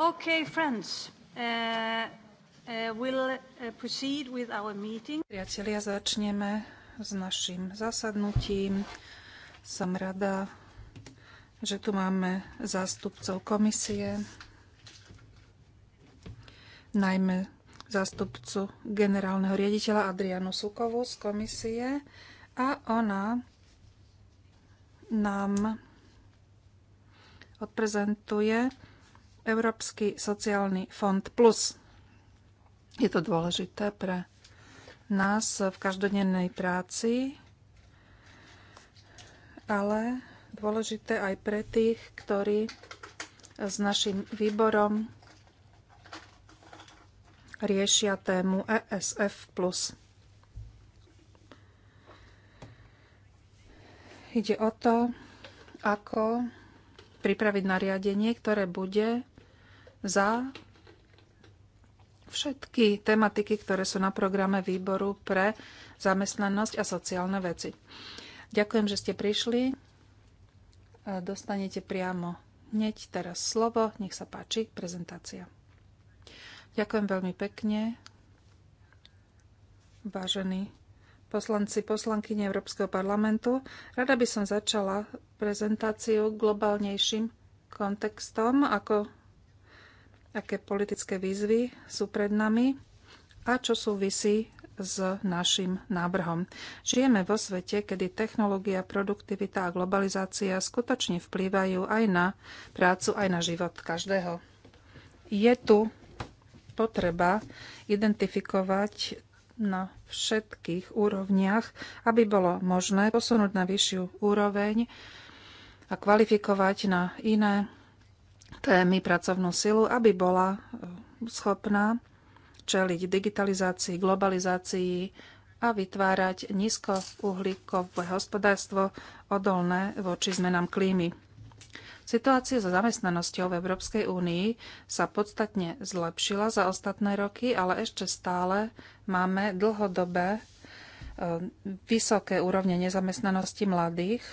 Okay, friends. Uh, uh, we'll uh, proceed with our meeting. Priatelia, začneme s našim zasadnutím. Som rada, že tu máme zástupcov komisie, najmä zástupcu generálneho riaditeľa Adrianu Sukovu z komisie a ona nám odprezentuje Európsky sociálny fond plus. Je to dôležité pre nás v každodennej práci, ale dôležité aj pre tých, ktorí s našim výborom riešia tému ESF+. Ide o to, ako pripraviť nariadenie, ktoré bude za všetky tematiky, ktoré sú na programe výboru pre zamestnanosť a sociálne veci. Ďakujem, že ste prišli. Dostanete priamo hneď teraz slovo. Nech sa páči, prezentácia. Ďakujem veľmi pekne. Vážení poslanci, poslankyne Európskeho parlamentu, rada by som začala prezentáciu globálnejším kontextom, ako aké politické výzvy sú pred nami a čo súvisí s našim nábrhom. Žijeme vo svete, kedy technológia, produktivita a globalizácia skutočne vplývajú aj na prácu, aj na život každého. Je tu potreba identifikovať na všetkých úrovniach, aby bolo možné posunúť na vyššiu úroveň a kvalifikovať na iné témy pracovnú silu, aby bola e, schopná čeliť digitalizácii, globalizácii a vytvárať nízkouhlíkové hospodárstvo odolné voči zmenám klímy. Situácia so zamestnanosťou v Európskej únii sa podstatne zlepšila za ostatné roky, ale ešte stále máme dlhodobé e, vysoké úrovne nezamestnanosti mladých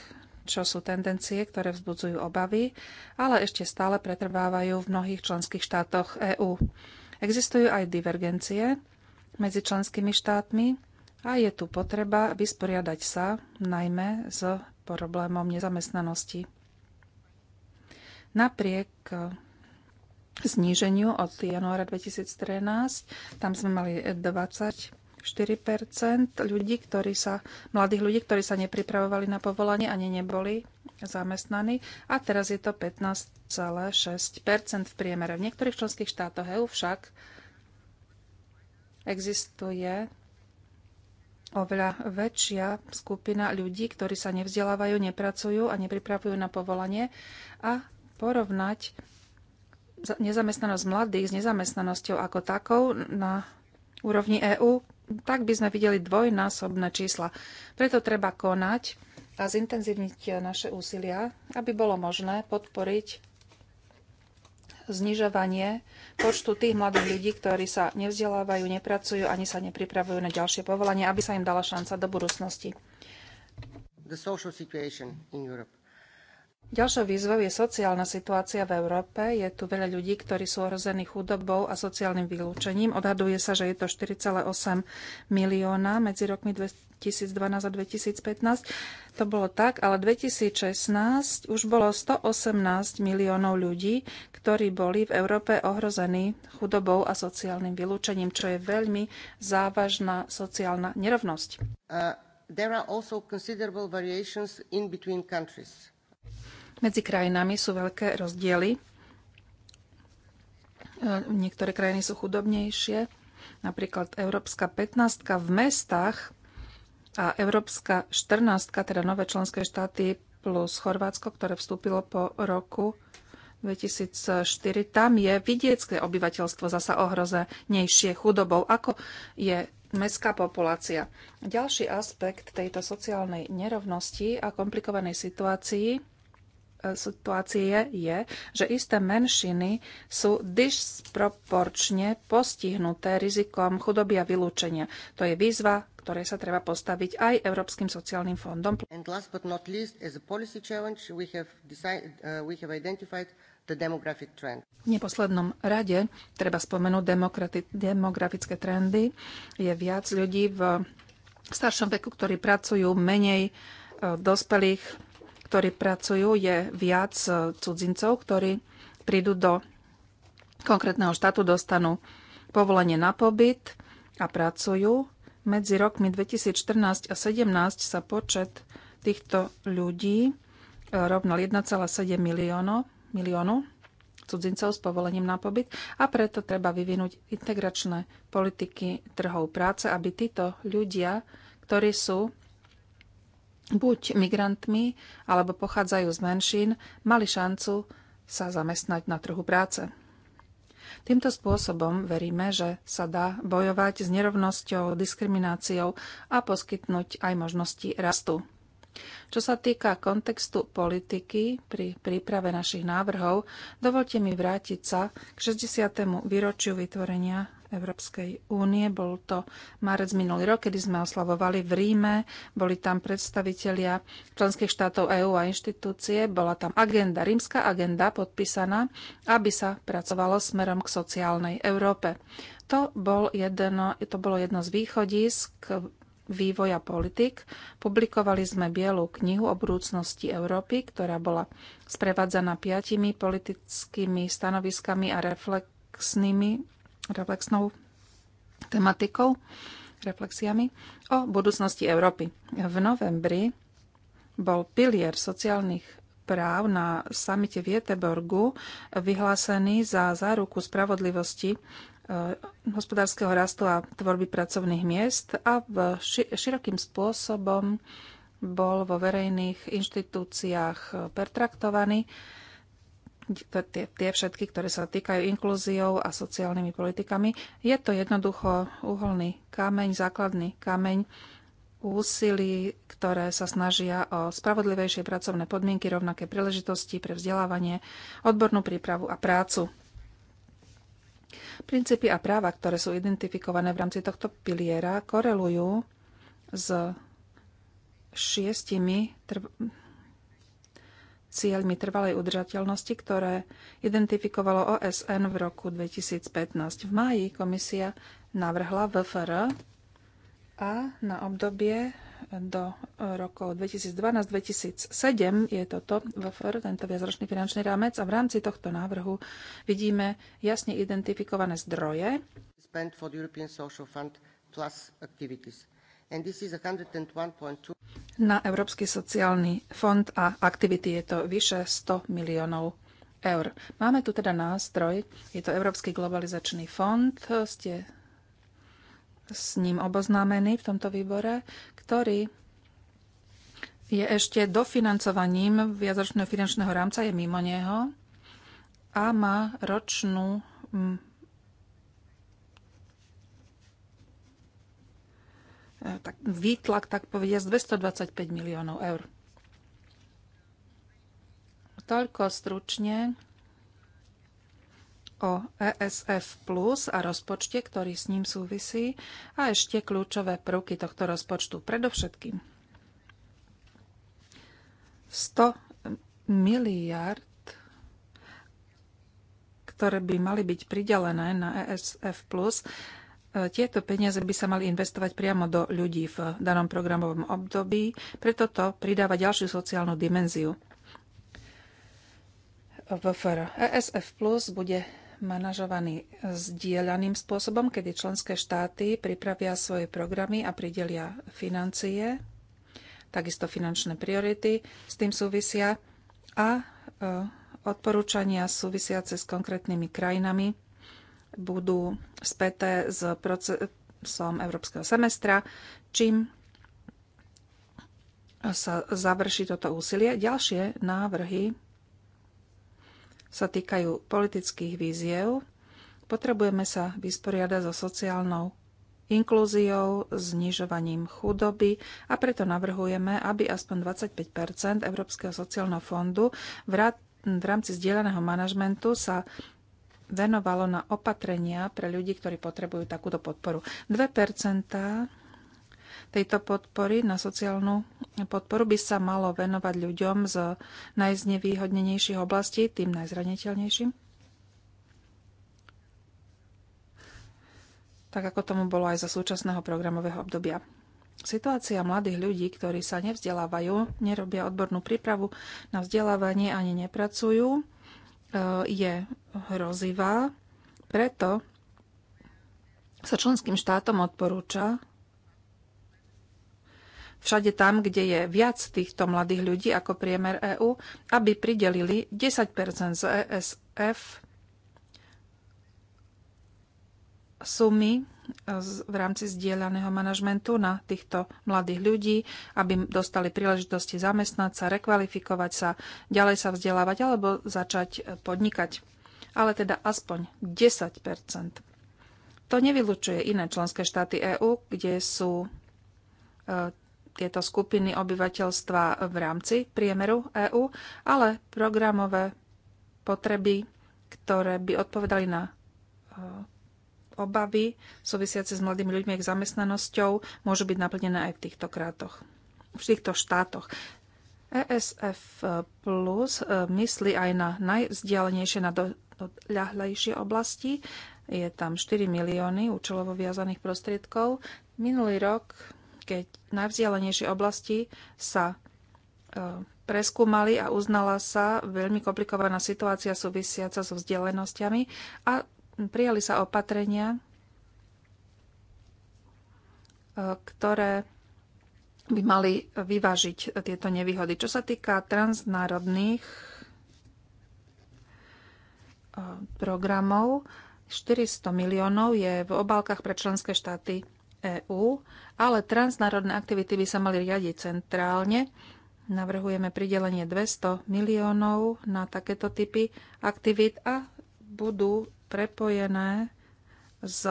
čo sú tendencie, ktoré vzbudzujú obavy, ale ešte stále pretrvávajú v mnohých členských štátoch EÚ. Existujú aj divergencie medzi členskými štátmi a je tu potreba vysporiadať sa najmä s problémom nezamestnanosti. Napriek zníženiu od januára 2013, tam sme mali 20 4 ľudí, ktorí sa, mladých ľudí, ktorí sa nepripravovali na povolanie ani neboli zamestnaní. A teraz je to 15,6 v priemere. V niektorých členských štátoch EU však existuje oveľa väčšia skupina ľudí, ktorí sa nevzdelávajú, nepracujú a nepripravujú na povolanie a porovnať nezamestnanosť mladých s nezamestnanosťou ako takou na úrovni EÚ tak by sme videli dvojnásobné čísla. Preto treba konať a zintenzívniť naše úsilia, aby bolo možné podporiť znižovanie počtu tých mladých ľudí, ktorí sa nevzdelávajú, nepracujú ani sa nepripravujú na ďalšie povolanie, aby sa im dala šanca do budúcnosti. The social situation in Europe. Ďalšou výzvou je sociálna situácia v Európe. Je tu veľa ľudí, ktorí sú ohrození chudobou a sociálnym vylúčením. Odhaduje sa, že je to 4,8 milióna medzi rokmi 2012 a 2015. To bolo tak, ale 2016 už bolo 118 miliónov ľudí, ktorí boli v Európe ohrození chudobou a sociálnym vylúčením, čo je veľmi závažná sociálna nerovnosť. Uh, there are also considerable variations in between countries. Medzi krajinami sú veľké rozdiely. E, niektoré krajiny sú chudobnejšie, napríklad Európska 15 v mestách a Európska 14, teda nové členské štáty plus Chorvátsko, ktoré vstúpilo po roku 2004, tam je vidiecké obyvateľstvo zasa ohrozenejšie chudobou, ako je mestská populácia. Ďalší aspekt tejto sociálnej nerovnosti a komplikovanej situácii situácie je, že isté menšiny sú disproporčne postihnuté rizikom chudoby a vylúčenia. To je výzva, ktoré sa treba postaviť aj Európskym sociálnym fondom. Uh, v neposlednom rade treba spomenúť demografické trendy. Je viac ľudí v staršom veku, ktorí pracujú, menej uh, dospelých ktorí pracujú, je viac e, cudzincov, ktorí prídu do konkrétneho štátu, dostanú povolenie na pobyt a pracujú. Medzi rokmi 2014 a 2017 sa počet týchto ľudí e, rovnal 1,7 miliónov, miliónu cudzincov s povolením na pobyt a preto treba vyvinúť integračné politiky trhov práce, aby títo ľudia, ktorí sú buď migrantmi, alebo pochádzajú z menšín, mali šancu sa zamestnať na trhu práce. Týmto spôsobom veríme, že sa dá bojovať s nerovnosťou, diskrimináciou a poskytnúť aj možnosti rastu. Čo sa týka kontextu politiky pri príprave našich návrhov, dovolte mi vrátiť sa k 60. výročiu vytvorenia Európskej únie. Bol to marec minulý rok, kedy sme oslavovali v Ríme. Boli tam predstavitelia členských štátov EÚ a inštitúcie. Bola tam agenda, rímska agenda podpísaná, aby sa pracovalo smerom k sociálnej Európe. To, bol jedno, to bolo jedno z východisk vývoja politik. Publikovali sme Bielú knihu o budúcnosti Európy, ktorá bola sprevádzaná piatimi politickými stanoviskami a reflexnými reflexnou tematikou, reflexiami o budúcnosti Európy. V novembri bol pilier sociálnych práv na samite v Jeteborgu vyhlásený za záruku spravodlivosti e, hospodárskeho rastu a tvorby pracovných miest a v širokým spôsobom bol vo verejných inštitúciách pertraktovaný tie, tie všetky, ktoré sa týkajú inklúziou a sociálnymi politikami. Je to jednoducho uholný kameň, základný kameň úsilí, ktoré sa snažia o spravodlivejšie pracovné podmienky, rovnaké príležitosti pre vzdelávanie, odbornú prípravu a prácu. Princípy a práva, ktoré sú identifikované v rámci tohto piliera, korelujú s šiestimi trv- cieľmi trvalej udržateľnosti, ktoré identifikovalo OSN v roku 2015. V máji komisia navrhla VFR a na obdobie do rokov 2012-2007 je toto VFR, tento viacročný finančný rámec a v rámci tohto návrhu vidíme jasne identifikované zdroje. Spend for the European Social Fund plus activities na Európsky sociálny fond a aktivity je to vyše 100 miliónov eur. Máme tu teda nástroj, je to Európsky globalizačný fond, ste s ním oboznámení v tomto výbore, ktorý je ešte dofinancovaním viacročného finančného rámca, je mimo neho a má ročnú tak, výtlak, tak povedia, z 225 miliónov eur. Toľko stručne o ESF Plus a rozpočte, ktorý s ním súvisí a ešte kľúčové prvky tohto rozpočtu. Predovšetkým 100 miliard, ktoré by mali byť pridelené na ESF Plus, E, tieto peniaze by sa mali investovať priamo do ľudí v danom programovom období, preto to pridáva ďalšiu sociálnu dimenziu. VFR. ESF Plus bude manažovaný zdieľaným spôsobom, kedy členské štáty pripravia svoje programy a pridelia financie, takisto finančné priority s tým súvisia a e, odporúčania súvisiace s konkrétnymi krajinami budú späté s procesom európskeho semestra, čím sa završí toto úsilie. Ďalšie návrhy sa týkajú politických víziev. Potrebujeme sa vysporiadať so sociálnou inklúziou, znižovaním chudoby a preto navrhujeme, aby aspoň 25 Európskeho sociálneho fondu v rámci zdieľaného manažmentu sa venovalo na opatrenia pre ľudí, ktorí potrebujú takúto podporu. 2 tejto podpory na sociálnu podporu by sa malo venovať ľuďom z najznevýhodnenejších oblastí, tým najzraniteľnejším. Tak ako tomu bolo aj za súčasného programového obdobia. Situácia mladých ľudí, ktorí sa nevzdelávajú, nerobia odbornú prípravu na vzdelávanie ani nepracujú, E, je hrozivá, preto sa členským štátom odporúča všade tam, kde je viac týchto mladých ľudí ako priemer EÚ, aby pridelili 10 z ESF sumy e, v rámci zdieľaného manažmentu na týchto mladých ľudí, aby dostali príležitosti zamestnať sa, rekvalifikovať sa, ďalej sa vzdelávať alebo začať e, podnikať. Ale teda aspoň 10 To nevylučuje iné členské štáty EÚ, kde sú e, tieto skupiny obyvateľstva v rámci priemeru EÚ, ale programové potreby, ktoré by odpovedali na obavy súvisiace s mladými ľuďmi a zamestnanosťou môžu byť naplnené aj v týchto krátoch, v týchto štátoch. ESF Plus e, myslí aj na najvzdialenejšie, na doľahlejšie oblasti. Je tam 4 milióny účelovo viazaných prostriedkov. Minulý rok, keď najvzdialenejšie oblasti sa e, preskúmali a uznala sa veľmi komplikovaná situácia súvisiaca so vzdialenosťami a prijali sa opatrenia, e, ktoré by mali vyvážiť tieto nevýhody. Čo sa týka transnárodných e, programov, 400 miliónov je v obálkach pre členské štáty EÚ, ale transnárodné aktivity by sa mali riadiť centrálne. Navrhujeme pridelenie 200 miliónov na takéto typy aktivít a budú prepojené s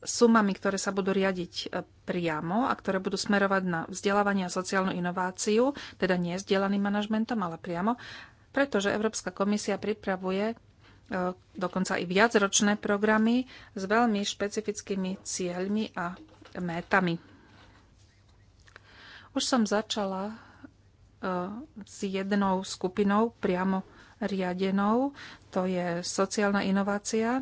sumami, ktoré sa budú riadiť e, priamo a ktoré budú smerovať na vzdelávanie a sociálnu inováciu, teda nie vzdelaným manažmentom, ale priamo, pretože Európska komisia pripravuje e, dokonca i viacročné programy s veľmi špecifickými cieľmi a métami. Už som začala e, s jednou skupinou priamo riadenou, to je sociálna inovácia.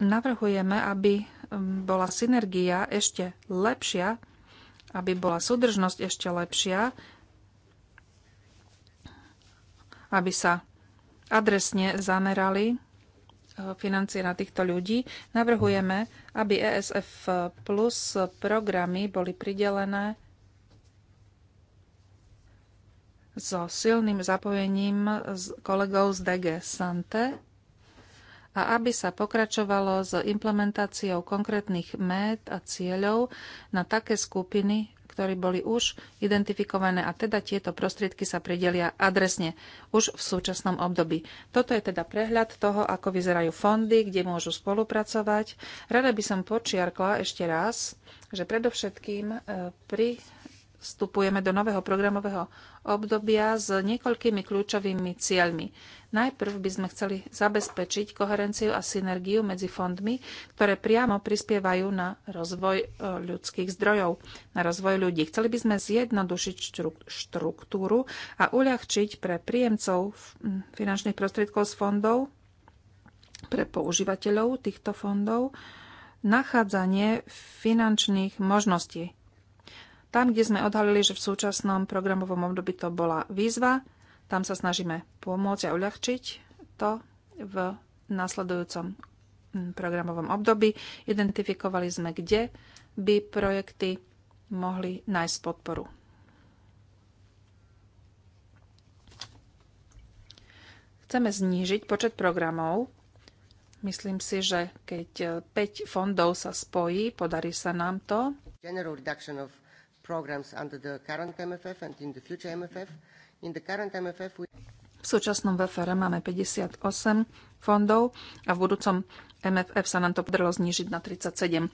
Navrhujeme, aby um, bola synergia ešte lepšia, aby bola súdržnosť ešte lepšia, aby sa adresne zamerali uh, financie na týchto ľudí. Navrhujeme, aby ESF plus programy boli pridelené so silným zapojením kolegov z DG Sante a aby sa pokračovalo s implementáciou konkrétnych mét a cieľov na také skupiny, ktoré boli už identifikované a teda tieto prostriedky sa pridelia adresne už v súčasnom období. Toto je teda prehľad toho, ako vyzerajú fondy, kde môžu spolupracovať. Rada by som počiarkla ešte raz, že predovšetkým e, pri vstupujeme do nového programového obdobia s niekoľkými kľúčovými cieľmi. Najprv by sme chceli zabezpečiť koherenciu a synergiu medzi fondmi, ktoré priamo prispievajú na rozvoj e, ľudských zdrojov, na rozvoj ľudí. Chceli by sme zjednodušiť štruktúru a uľahčiť pre príjemcov finančných prostriedkov z fondov, pre používateľov týchto fondov, nachádzanie finančných možností tam, kde sme odhalili, že v súčasnom programovom období to bola výzva, tam sa snažíme pomôcť a uľahčiť to v nasledujúcom mm, programovom období. Identifikovali sme, kde by projekty mohli nájsť podporu. Chceme znížiť počet programov. Myslím si, že keď 5 eh, fondov sa spojí, podarí sa nám to. General reduction of programs under the current MFF and in the future MFF. In the current MFF we... V súčasnom VFR máme 58 fondov a v budúcom MFF sa nám to podarilo znižiť na 37.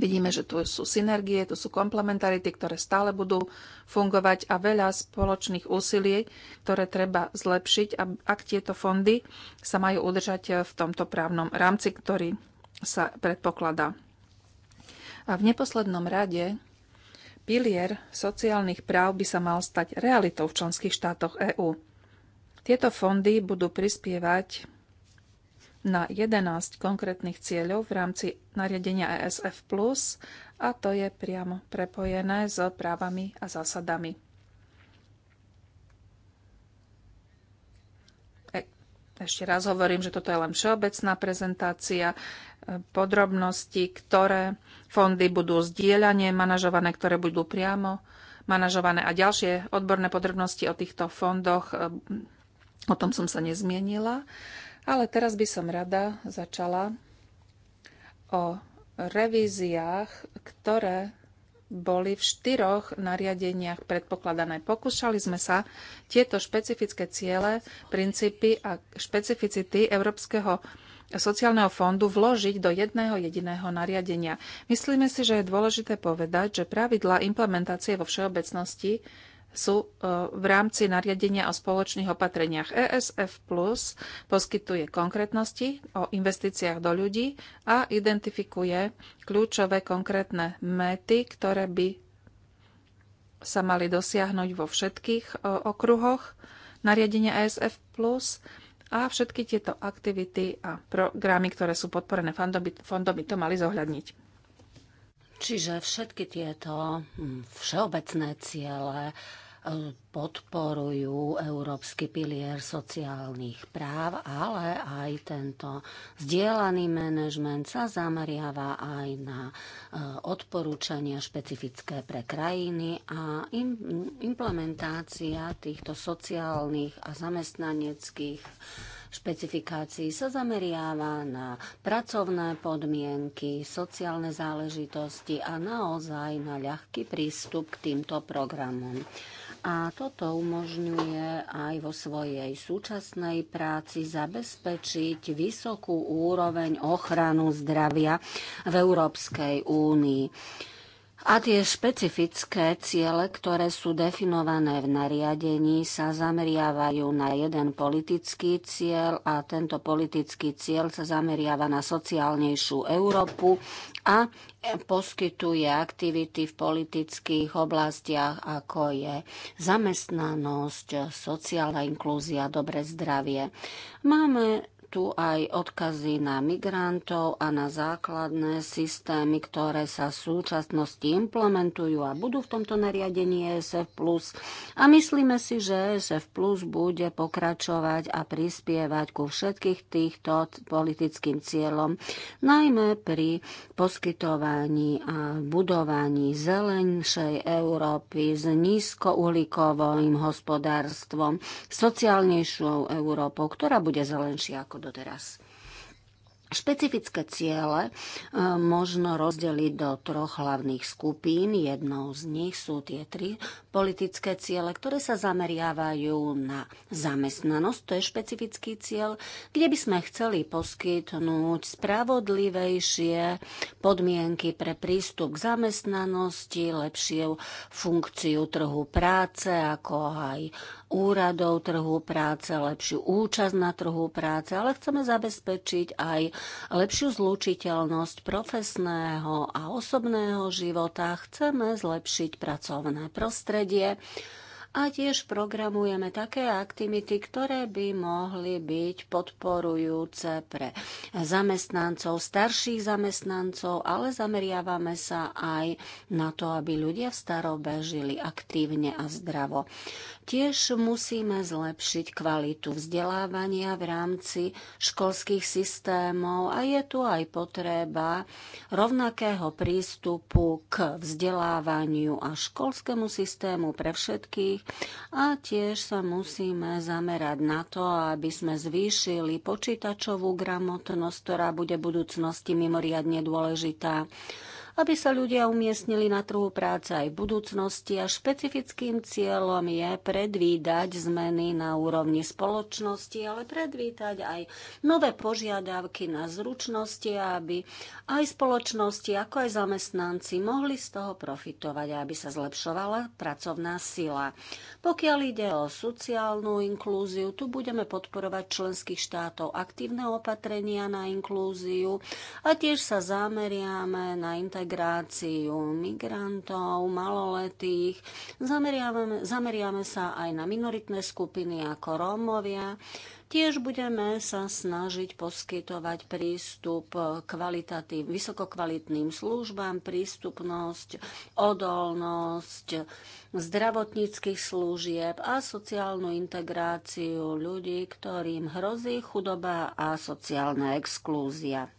Vidíme, že tu sú synergie, tu sú komplementarity, ktoré stále budú fungovať a veľa spoločných úsilí, ktoré treba zlepšiť, ak tieto fondy sa majú udržať v tomto právnom rámci, ktorý sa predpokladá. A v neposlednom rade pilier sociálnych práv by sa mal stať realitou v členských štátoch EÚ. Tieto fondy budú prispievať na 11 konkrétnych cieľov v rámci nariadenia ESF+, a to je priamo prepojené s právami a zásadami. Ešte raz hovorím, že toto je len všeobecná prezentácia e, podrobnosti, ktoré fondy budú zdieľanie manažované, ktoré budú priamo manažované a ďalšie odborné podrobnosti o týchto fondoch. E, o tom som sa nezmienila, ale teraz by som rada začala o revíziách, ktoré boli v štyroch nariadeniach predpokladané. Pokúšali sme sa tieto špecifické ciele, princípy a špecificity Európskeho sociálneho fondu vložiť do jedného jediného nariadenia. Myslíme si, že je dôležité povedať, že pravidla implementácie vo všeobecnosti sú e, v rámci nariadenia o spoločných opatreniach. ESF Plus poskytuje konkrétnosti o investíciách do ľudí a identifikuje kľúčové konkrétne mety, ktoré by sa mali dosiahnuť vo všetkých e, okruhoch nariadenia ESF Plus a všetky tieto aktivity a programy, ktoré sú podporené fondom by to mali zohľadniť. Čiže všetky tieto hm, všeobecné ciele podporujú Európsky pilier sociálnych práv, ale aj tento zdieľaný manažment sa zameriava aj na e, odporúčania špecifické pre krajiny a implementácia týchto sociálnych a zamestnaneckých špecifikácií sa zameriava na pracovné podmienky, sociálne záležitosti a naozaj na ľahký prístup k týmto programom. A toto umožňuje aj vo svojej súčasnej práci zabezpečiť vysokú úroveň ochranu zdravia v Európskej únii. A tie špecifické ciele, ktoré sú definované v nariadení, sa zameriavajú na jeden politický cieľ a tento politický cieľ sa zameriava na sociálnejšiu Európu a poskytuje aktivity v politických oblastiach, ako je zamestnanosť, sociálna inklúzia, dobre zdravie. Máme tu aj odkazy na migrantov a na základné systémy, ktoré sa v súčasnosti implementujú a budú v tomto nariadení ESF+. A myslíme si, že ESF+, bude pokračovať a prispievať ku všetkých týchto politickým cieľom, najmä pri poskytovaní a budovaní zelenšej Európy s nízkouhlíkovým hospodárstvom, sociálnejšou Európou, ktorá bude zelenšia ako doteraz. Špecifické ciele e, možno rozdeliť do troch hlavných skupín. Jednou z nich sú tie tri politické ciele, ktoré sa zameriavajú na zamestnanosť. To je špecifický cieľ, kde by sme chceli poskytnúť spravodlivejšie podmienky pre prístup k zamestnanosti, lepšiu funkciu trhu práce, ako aj úradov trhu práce, lepšiu účasť na trhu práce, ale chceme zabezpečiť aj lepšiu zlučiteľnosť profesného a osobného života. Chceme zlepšiť pracovné prostredie a tiež programujeme také aktivity, ktoré by mohli byť podporujúce pre zamestnancov, starších zamestnancov, ale zameriavame sa aj na to, aby ľudia v starobe žili aktívne a zdravo. Tiež musíme zlepšiť kvalitu vzdelávania v rámci školských systémov a je tu aj potreba rovnakého prístupu k vzdelávaniu a školskému systému pre všetkých, a tiež sa musíme zamerať na to, aby sme zvýšili počítačovú gramotnosť, ktorá bude v budúcnosti mimoriadne dôležitá aby sa ľudia umiestnili na trhu práce aj v budúcnosti a špecifickým cieľom je predvídať zmeny na úrovni spoločnosti, ale predvídať aj nové požiadavky na zručnosti, aby aj spoločnosti, ako aj zamestnanci mohli z toho profitovať aby sa zlepšovala pracovná sila. Pokiaľ ide o sociálnu inklúziu, tu budeme podporovať členských štátov aktívne opatrenia na inklúziu a tiež sa zameriame na integráciu integráciu migrantov, maloletých. Zameriavame, zameriame sa aj na minoritné skupiny ako Rómovia. Tiež budeme sa snažiť poskytovať prístup kvalitatív, vysokokvalitným službám, prístupnosť, odolnosť zdravotníckých služieb a sociálnu integráciu ľudí, ktorým hrozí chudoba a sociálna exklúzia.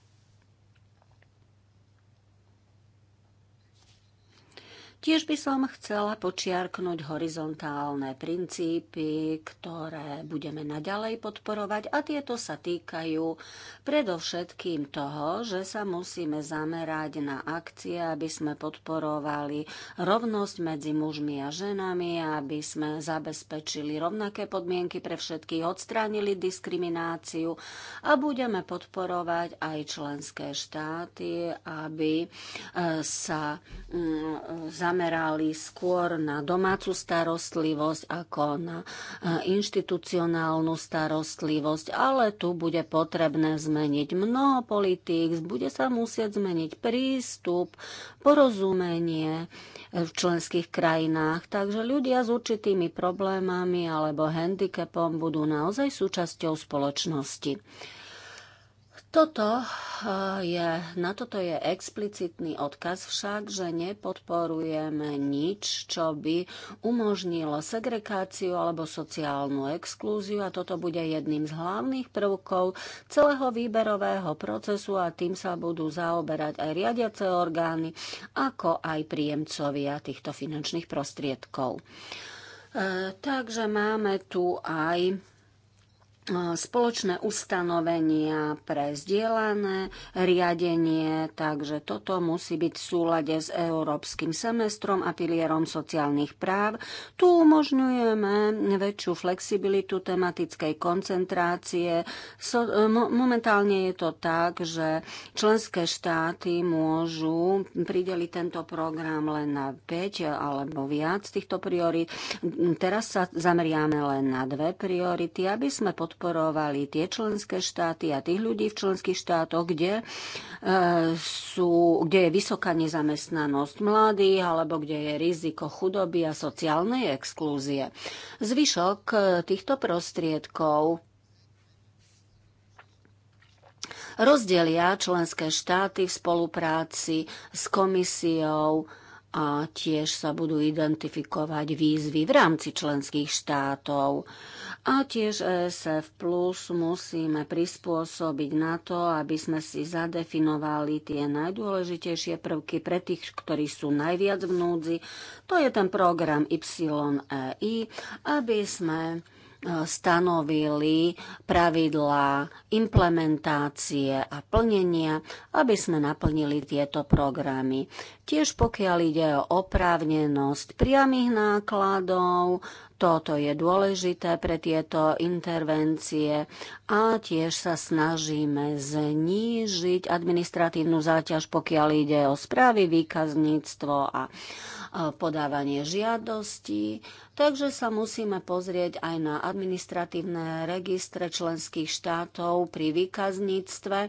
Tiež by som chcela počiarknúť horizontálne princípy, ktoré budeme naďalej podporovať a tieto sa týkajú predovšetkým toho, že sa musíme zamerať na akcie, aby sme podporovali rovnosť medzi mužmi a ženami, aby sme zabezpečili rovnaké podmienky pre všetkých, odstránili diskrimináciu a budeme podporovať aj členské štáty, aby eh, sa zamerali mm, eh, zamerali skôr na domácu starostlivosť ako na e, inštitucionálnu starostlivosť, ale tu bude potrebné zmeniť mnoho politík, bude sa musieť zmeniť prístup, porozumenie v členských krajinách, takže ľudia s určitými problémami alebo handicapom budú naozaj súčasťou spoločnosti. Toto eh, je, na toto je explicitný odkaz však, že nepodporujeme nič, čo by umožnilo segregáciu alebo sociálnu exklúziu a toto bude jedným z hlavných prvkov celého výberového procesu a tým sa budú zaoberať aj riadiace orgány, ako aj príjemcovia týchto finančných prostriedkov. E, takže máme tu aj spoločné ustanovenia pre zdieľané riadenie, takže toto musí byť v súlade s európskym semestrom a pilierom sociálnych práv. Tu umožňujeme väčšiu flexibilitu tematickej koncentrácie. So, e, mo, momentálne je to tak, že členské štáty môžu prideliť tento program len na 5 alebo viac týchto priorit. Teraz sa zameriame len na dve priority, aby sme podporili podporovali tie členské štáty a tých ľudí v členských štátoch, kde, e, sú, kde je vysoká nezamestnanosť mladých alebo kde je riziko chudoby a sociálnej exklúzie. Zvyšok e, týchto prostriedkov rozdelia členské štáty v spolupráci s komisiou a tiež sa budú identifikovať výzvy v rámci členských štátov. A tiež ESF Plus musíme prispôsobiť na to, aby sme si zadefinovali tie najdôležitejšie prvky pre tých, ktorí sú najviac v núdzi. To je ten program YEI, aby sme E, stanovili pravidlá implementácie a plnenia, aby sme naplnili tieto programy. Tiež pokiaľ ide o oprávnenosť priamých nákladov, toto je dôležité pre tieto intervencie a tiež sa snažíme znížiť administratívnu záťaž, pokiaľ ide o správy, výkazníctvo a E, podávanie žiadostí, takže sa musíme pozrieť aj na administratívne registre členských štátov pri výkazníctve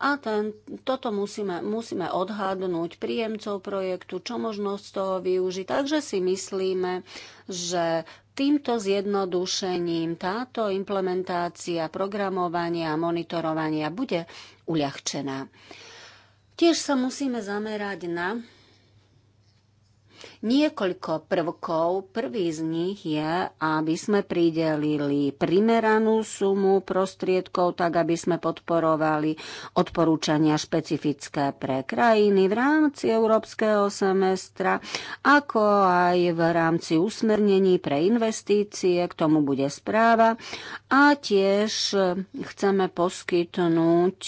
a ten, toto musíme, musíme odhadnúť príjemcov projektu, čo možno z toho využiť. Takže si myslíme, že týmto zjednodušením táto implementácia programovania a monitorovania bude uľahčená. Tiež sa musíme zamerať na niekoľko prvkov. Prvý z nich je, aby sme pridelili primeranú sumu prostriedkov, tak aby sme podporovali odporúčania špecifické pre krajiny v rámci európskeho semestra, ako aj v rámci usmernení pre investície, k tomu bude správa. A tiež chceme poskytnúť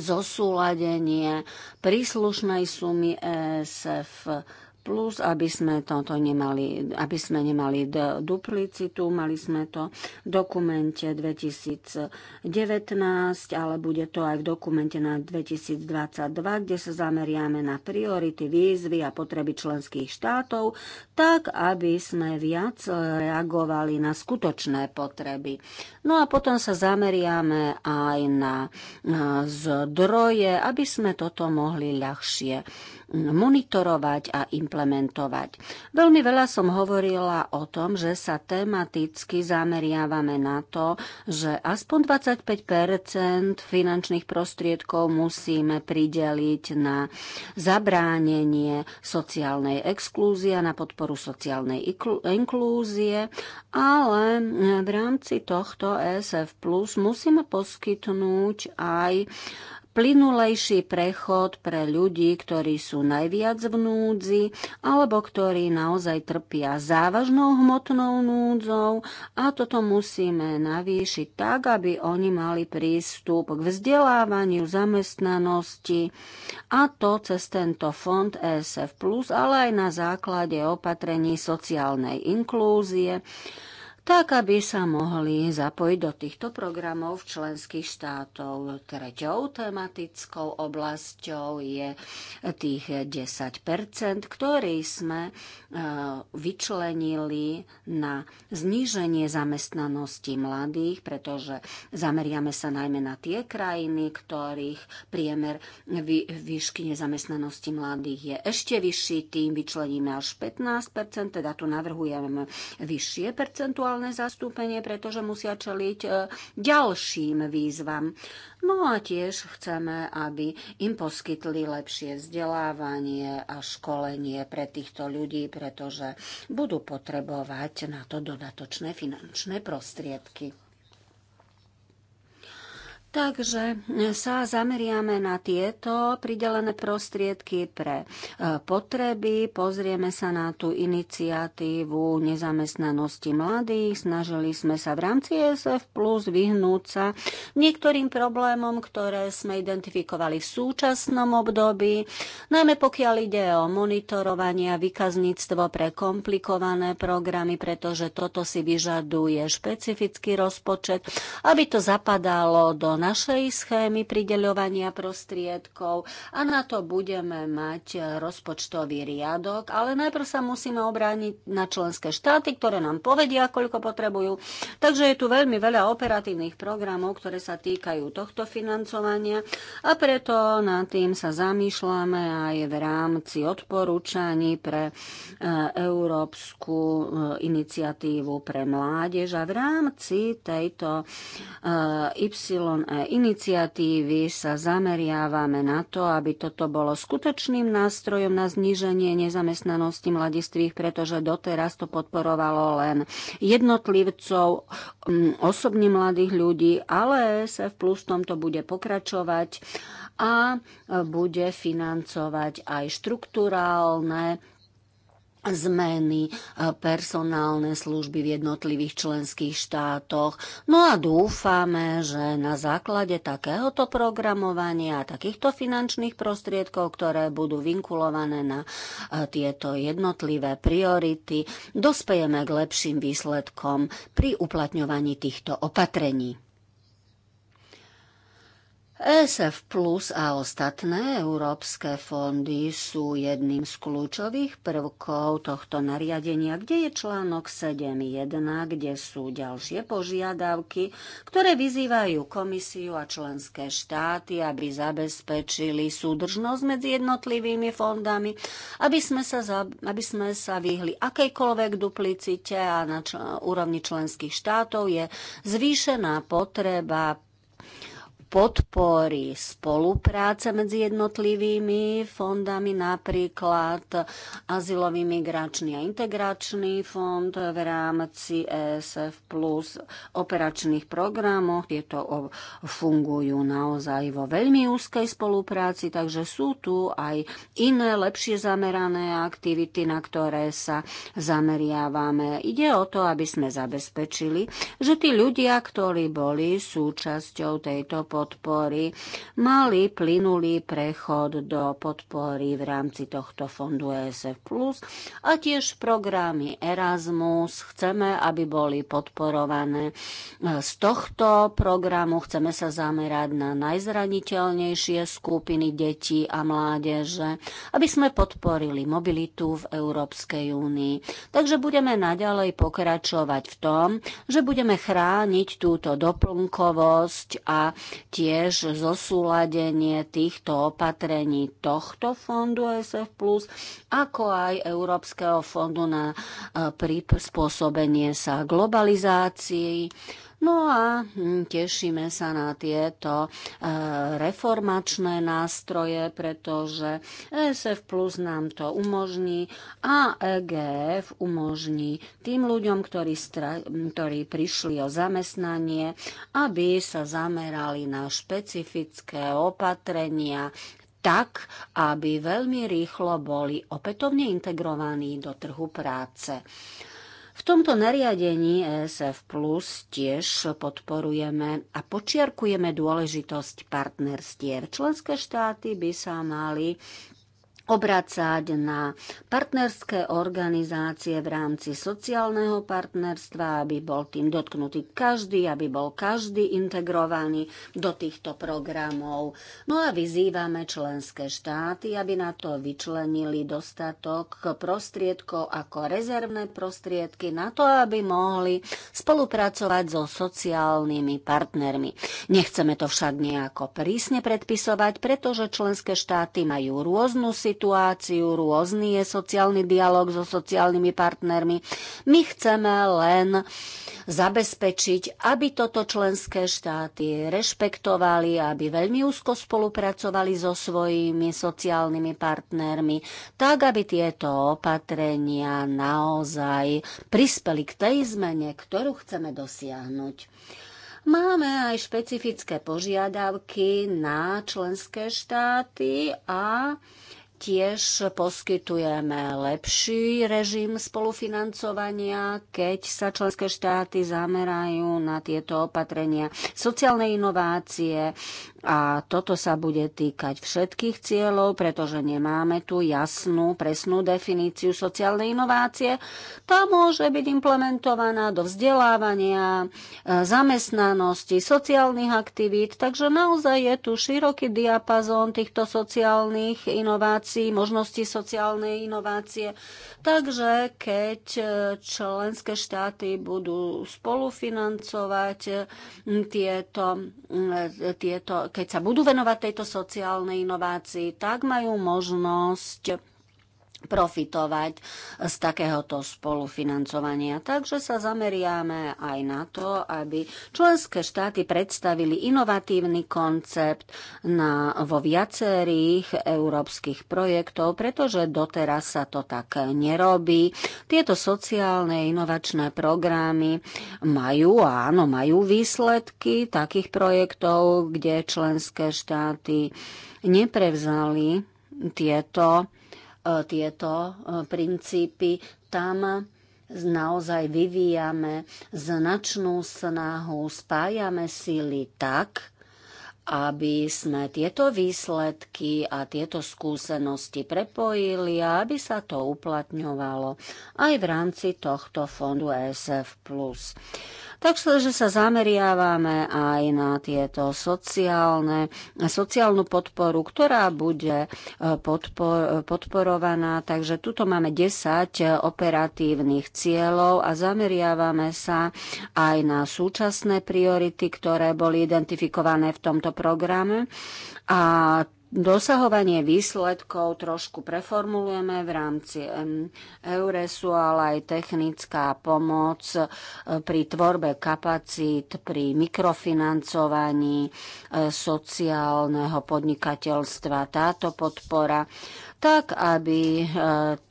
zosúladenie príslušnej sumy ESF plus, aby sme toto nemali, aby sme nemali duplicitu, mali sme to v dokumente 2019, ale bude to aj v dokumente na 2022, kde sa zameriame na priority, výzvy a potreby členských štátov, tak aby sme viac reagovali na skutočné potreby. No a potom sa zameriame aj na zdroje, aby sme toto mohli ľahšie monitorovať a implementovať. Veľmi veľa som hovorila o tom, že sa tematicky zameriavame na to, že aspoň 25 finančných prostriedkov musíme prideliť na zabránenie sociálnej exklúzie, na podporu sociálnej inklúzie, ale v rámci tohto ESF Plus musíme poskytnúť aj plynulejší prechod pre ľudí, ktorí sú najviac v núdzi alebo ktorí naozaj trpia závažnou hmotnou núdzou a toto musíme navýšiť tak, aby oni mali prístup k vzdelávaniu, zamestnanosti a to cez tento fond ESF+, ale aj na základe opatrení sociálnej inklúzie, tak aby sa mohli zapojiť do týchto programov v členských štátov. Treťou tematickou oblasťou je tých 10 ktorý sme e, vyčlenili na zníženie zamestnanosti mladých, pretože zameriame sa najmä na tie krajiny, ktorých priemer výšky nezamestnanosti mladých je ešte vyšší, tým vyčleníme až 15 teda tu navrhujeme vyššie percentuálne aktuálne zastúpenie, pretože musia čeliť e, ďalším výzvam. No a tiež chceme, aby im poskytli lepšie vzdelávanie a školenie pre týchto ľudí, pretože budú potrebovať na to dodatočné finančné prostriedky. Takže e, sa zameriame na tieto pridelené prostriedky pre e, potreby, pozrieme sa na tú iniciatívu nezamestnanosti mladých, snažili sme sa v rámci ESF Plus vyhnúť sa niektorým problémom, ktoré sme identifikovali v súčasnom období, najmä pokiaľ ide o monitorovanie a vykazníctvo pre komplikované programy, pretože toto si vyžaduje špecifický rozpočet, aby to zapadalo do našej schémy prideľovania prostriedkov a na to budeme mať rozpočtový riadok, ale najprv sa musíme obrániť na členské štáty, ktoré nám povedia, koľko potrebujú. Takže je tu veľmi veľa operatívnych programov, ktoré sa týkajú tohto financovania a preto nad tým sa zamýšľame aj v rámci odporúčaní pre e, Európsku e, iniciatívu pre mládež a v rámci tejto e, YM iniciatívy sa zameriavame na to, aby toto bolo skutočným nástrojom na zníženie nezamestnanosti mladistvých, pretože doteraz to podporovalo len jednotlivcov, mm, osobne mladých ľudí, ale v Plus tomto bude pokračovať a bude financovať aj štruktúrálne zmeny, e, personálne služby v jednotlivých členských štátoch. No a dúfame, že na základe takéhoto programovania a takýchto finančných prostriedkov, ktoré budú vinkulované na e, tieto jednotlivé priority, dospejeme k lepším výsledkom pri uplatňovaní týchto opatrení. ESF Plus a ostatné európske fondy sú jedným z kľúčových prvkov tohto nariadenia, kde je článok 7.1, kde sú ďalšie požiadavky, ktoré vyzývajú komisiu a členské štáty, aby zabezpečili súdržnosť medzi jednotlivými fondami, aby sme sa, za, aby sme sa vyhli akejkoľvek duplicite a na čl- úrovni členských štátov je zvýšená potreba podpory spolupráce medzi jednotlivými fondami, napríklad Azylový migračný a integračný fond v rámci ESF plus operačných programoch. Tieto fungujú naozaj vo veľmi úzkej spolupráci, takže sú tu aj iné lepšie zamerané aktivity, na ktoré sa zameriavame. Ide o to, aby sme zabezpečili, že tí ľudia, ktorí boli súčasťou tejto podpory, podpory mali plynulý prechod do podpory v rámci tohto fondu ESF+, a tiež programy Erasmus. Chceme, aby boli podporované e, z tohto programu. Chceme sa zamerať na najzraniteľnejšie skupiny detí a mládeže, aby sme podporili mobilitu v Európskej únii. Takže budeme naďalej pokračovať v tom, že budeme chrániť túto doplnkovosť a tiež zosúladenie týchto opatrení tohto fondu SF+, ako aj Európskeho fondu na e, prispôsobenie sa globalizácii. No a hm, tešíme sa na tieto e, reformačné nástroje, pretože ESF Plus nám to umožní a EGF umožní tým ľuďom, ktorí, ktorí prišli o zamestnanie, aby sa zamerali na špecifické opatrenia, tak, aby veľmi rýchlo boli opätovne integrovaní do trhu práce. V tomto nariadení ESF Plus tiež podporujeme a počiarkujeme dôležitosť partnerstiev. Členské štáty by sa mali obracať na partnerské organizácie v rámci sociálneho partnerstva, aby bol tým dotknutý každý, aby bol každý integrovaný do týchto programov. No a vyzývame členské štáty, aby na to vyčlenili dostatok prostriedkov ako rezervné prostriedky na to, aby mohli spolupracovať so sociálnymi partnermi. Nechceme to však nejako prísne predpisovať, pretože členské štáty majú rôznu situáciu situáciu, rôzny je sociálny dialog so sociálnymi partnermi. My chceme len zabezpečiť, aby toto členské štáty rešpektovali, aby veľmi úzko spolupracovali so svojimi sociálnymi partnermi, tak aby tieto opatrenia naozaj prispeli k tej zmene, ktorú chceme dosiahnuť. Máme aj špecifické požiadavky na členské štáty a Tiež poskytujeme lepší režim spolufinancovania, keď sa členské štáty zamerajú na tieto opatrenia. Sociálne inovácie, a toto sa bude týkať všetkých cieľov, pretože nemáme tu jasnú, presnú definíciu sociálnej inovácie. Tá môže byť implementovaná do vzdelávania, e, zamestnanosti, sociálnych aktivít, takže naozaj je tu široký diapazón týchto sociálnych inovácií, možností sociálnej inovácie Takže keď e, členské štáty budú spolufinancovať e, tieto, e, tieto, keď sa budú venovať tejto sociálnej inovácii, tak majú možnosť profitovať z takéhoto spolufinancovania. Takže sa zameriame aj na to, aby členské štáty predstavili inovatívny koncept na, vo viacerých európskych projektov, pretože doteraz sa to tak nerobí. Tieto sociálne inovačné programy majú, áno, majú výsledky takých projektov, kde členské štáty neprevzali tieto E, tieto e, princípy, tam naozaj vyvíjame značnú snahu, spájame síly tak, aby sme tieto výsledky a tieto skúsenosti prepojili a aby sa to uplatňovalo aj v rámci tohto fondu ESF+. Takže sa zameriavame aj na tieto sociálne, sociálnu podporu, ktorá bude e, podpor, e, podporovaná. Takže tuto máme 10 operatívnych cieľov a zameriavame sa aj na súčasné priority, ktoré boli identifikované v tomto programe. A dosahovanie výsledkov trošku preformulujeme v rámci Euresu, ale aj technická pomoc e, pri tvorbe kapacít, pri mikrofinancovaní e, sociálneho podnikateľstva. Táto podpora tak aby e,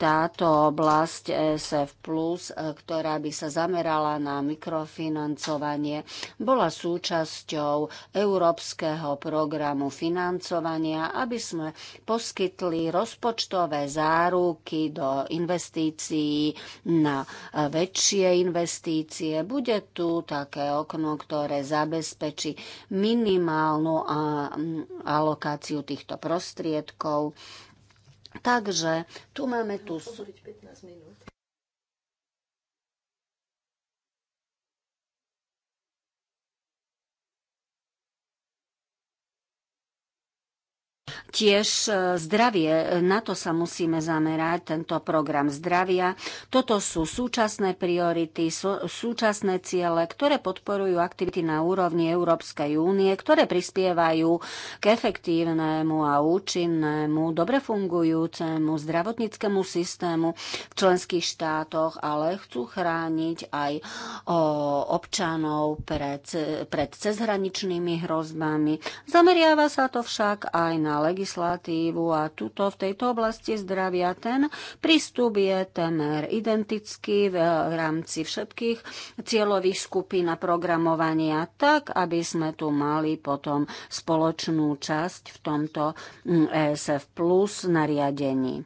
táto oblasť e SF+, e, ktorá by sa zamerala na mikrofinancovanie, bola súčasťou Európskeho programu financovania, aby sme poskytli rozpočtové záruky do investícií na väčšie investície. Bude tu také okno, ktoré zabezpečí minimálnu alokáciu týchto prostriedkov Takže tu máme tu... Tiež e, zdravie, na to sa musíme zamerať, tento program zdravia. Toto sú súčasné priority, sú, súčasné ciele, ktoré podporujú aktivity na úrovni Európskej únie, ktoré prispievajú k efektívnemu a účinnému, dobre fungujúcemu zdravotníckému systému v členských štátoch, ale chcú chrániť aj občanov pred, pred cezhraničnými hrozbami. Zameriava sa to však aj na legislatívu a tuto v tejto oblasti zdravia ten prístup je ten identický v rámci všetkých cieľových skupín a programovania tak, aby sme tu mali potom spoločnú časť v tomto mm, ESF plus nariadení.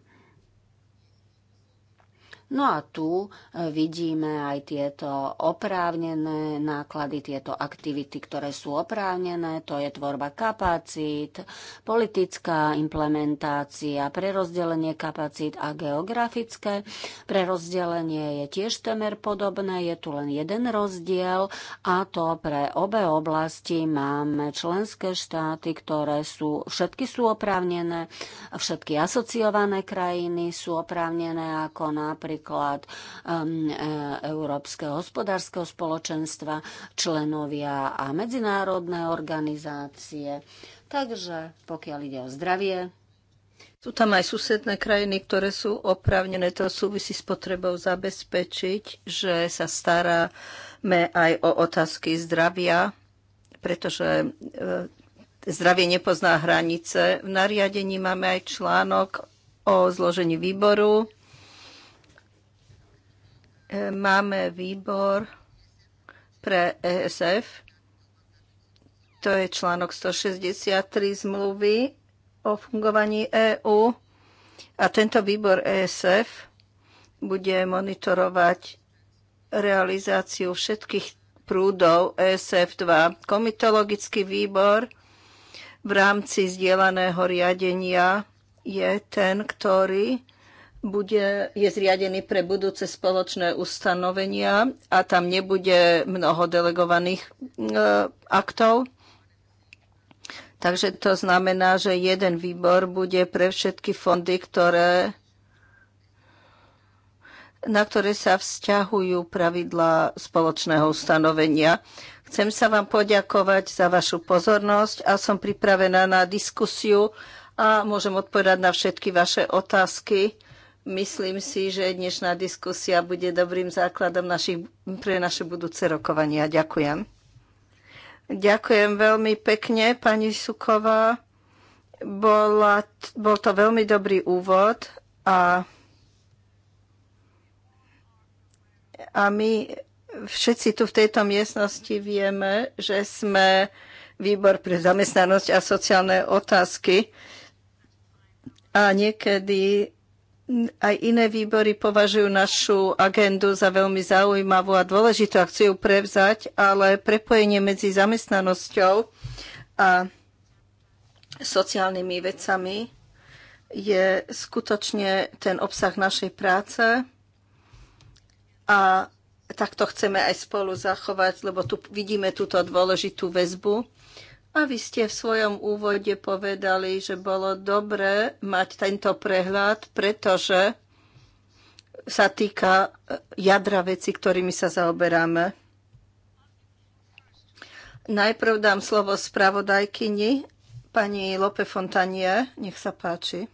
No a tu e, vidíme aj tieto oprávnené náklady, tieto aktivity, ktoré sú oprávnené, to je tvorba kapacít, politická implementácia, prerozdelenie kapacít a geografické. Prerozdelenie je tiež temer podobné, je tu len jeden rozdiel a to pre obe oblasti máme členské štáty, ktoré sú, všetky sú oprávnené, všetky asociované krajiny sú oprávnené ako napríklad napríklad um, e, Európskeho hospodárskeho spoločenstva, členovia a medzinárodné organizácie. Takže pokiaľ ide o zdravie, sú tam aj susedné krajiny, ktoré sú oprávnené. To súvisí s potrebou zabezpečiť, že sa staráme aj o otázky zdravia, pretože e, zdravie nepozná hranice. V nariadení máme aj článok o zložení výboru máme výbor pre ESF, to je článok 163 zmluvy o fungovaní EÚ a tento výbor ESF bude monitorovať realizáciu všetkých prúdov ESF2. Komitologický výbor v rámci zdieľaného riadenia je ten, ktorý bude, je zriadený pre budúce spoločné ustanovenia a tam nebude mnoho delegovaných e, aktov. Takže to znamená, že jeden výbor bude pre všetky fondy, ktoré, na ktoré sa vzťahujú pravidlá spoločného ustanovenia. Chcem sa vám poďakovať za vašu pozornosť a som pripravená na diskusiu a môžem odpovedať na všetky vaše otázky Myslím si, že dnešná diskusia bude dobrým základom našich, pre naše budúce rokovania. Ďakujem. Ďakujem veľmi pekne, pani Suková. Bola, bol to veľmi dobrý úvod a, a my všetci tu v tejto miestnosti vieme, že sme výbor pre zamestnanosť a sociálne otázky a niekedy aj iné výbory považujú našu agendu za veľmi zaujímavú a dôležitú a chcú ju prevzať, ale prepojenie medzi zamestnanosťou a sociálnymi vecami je skutočne ten obsah našej práce a takto chceme aj spolu zachovať, lebo tu vidíme túto dôležitú väzbu. A vy ste v svojom úvode povedali, že bolo dobré mať tento prehľad, pretože sa týka e, jadra veci, ktorými sa zaoberáme. Najprv dám slovo spravodajkyni, pani Lope Fontanie. Nech sa páči.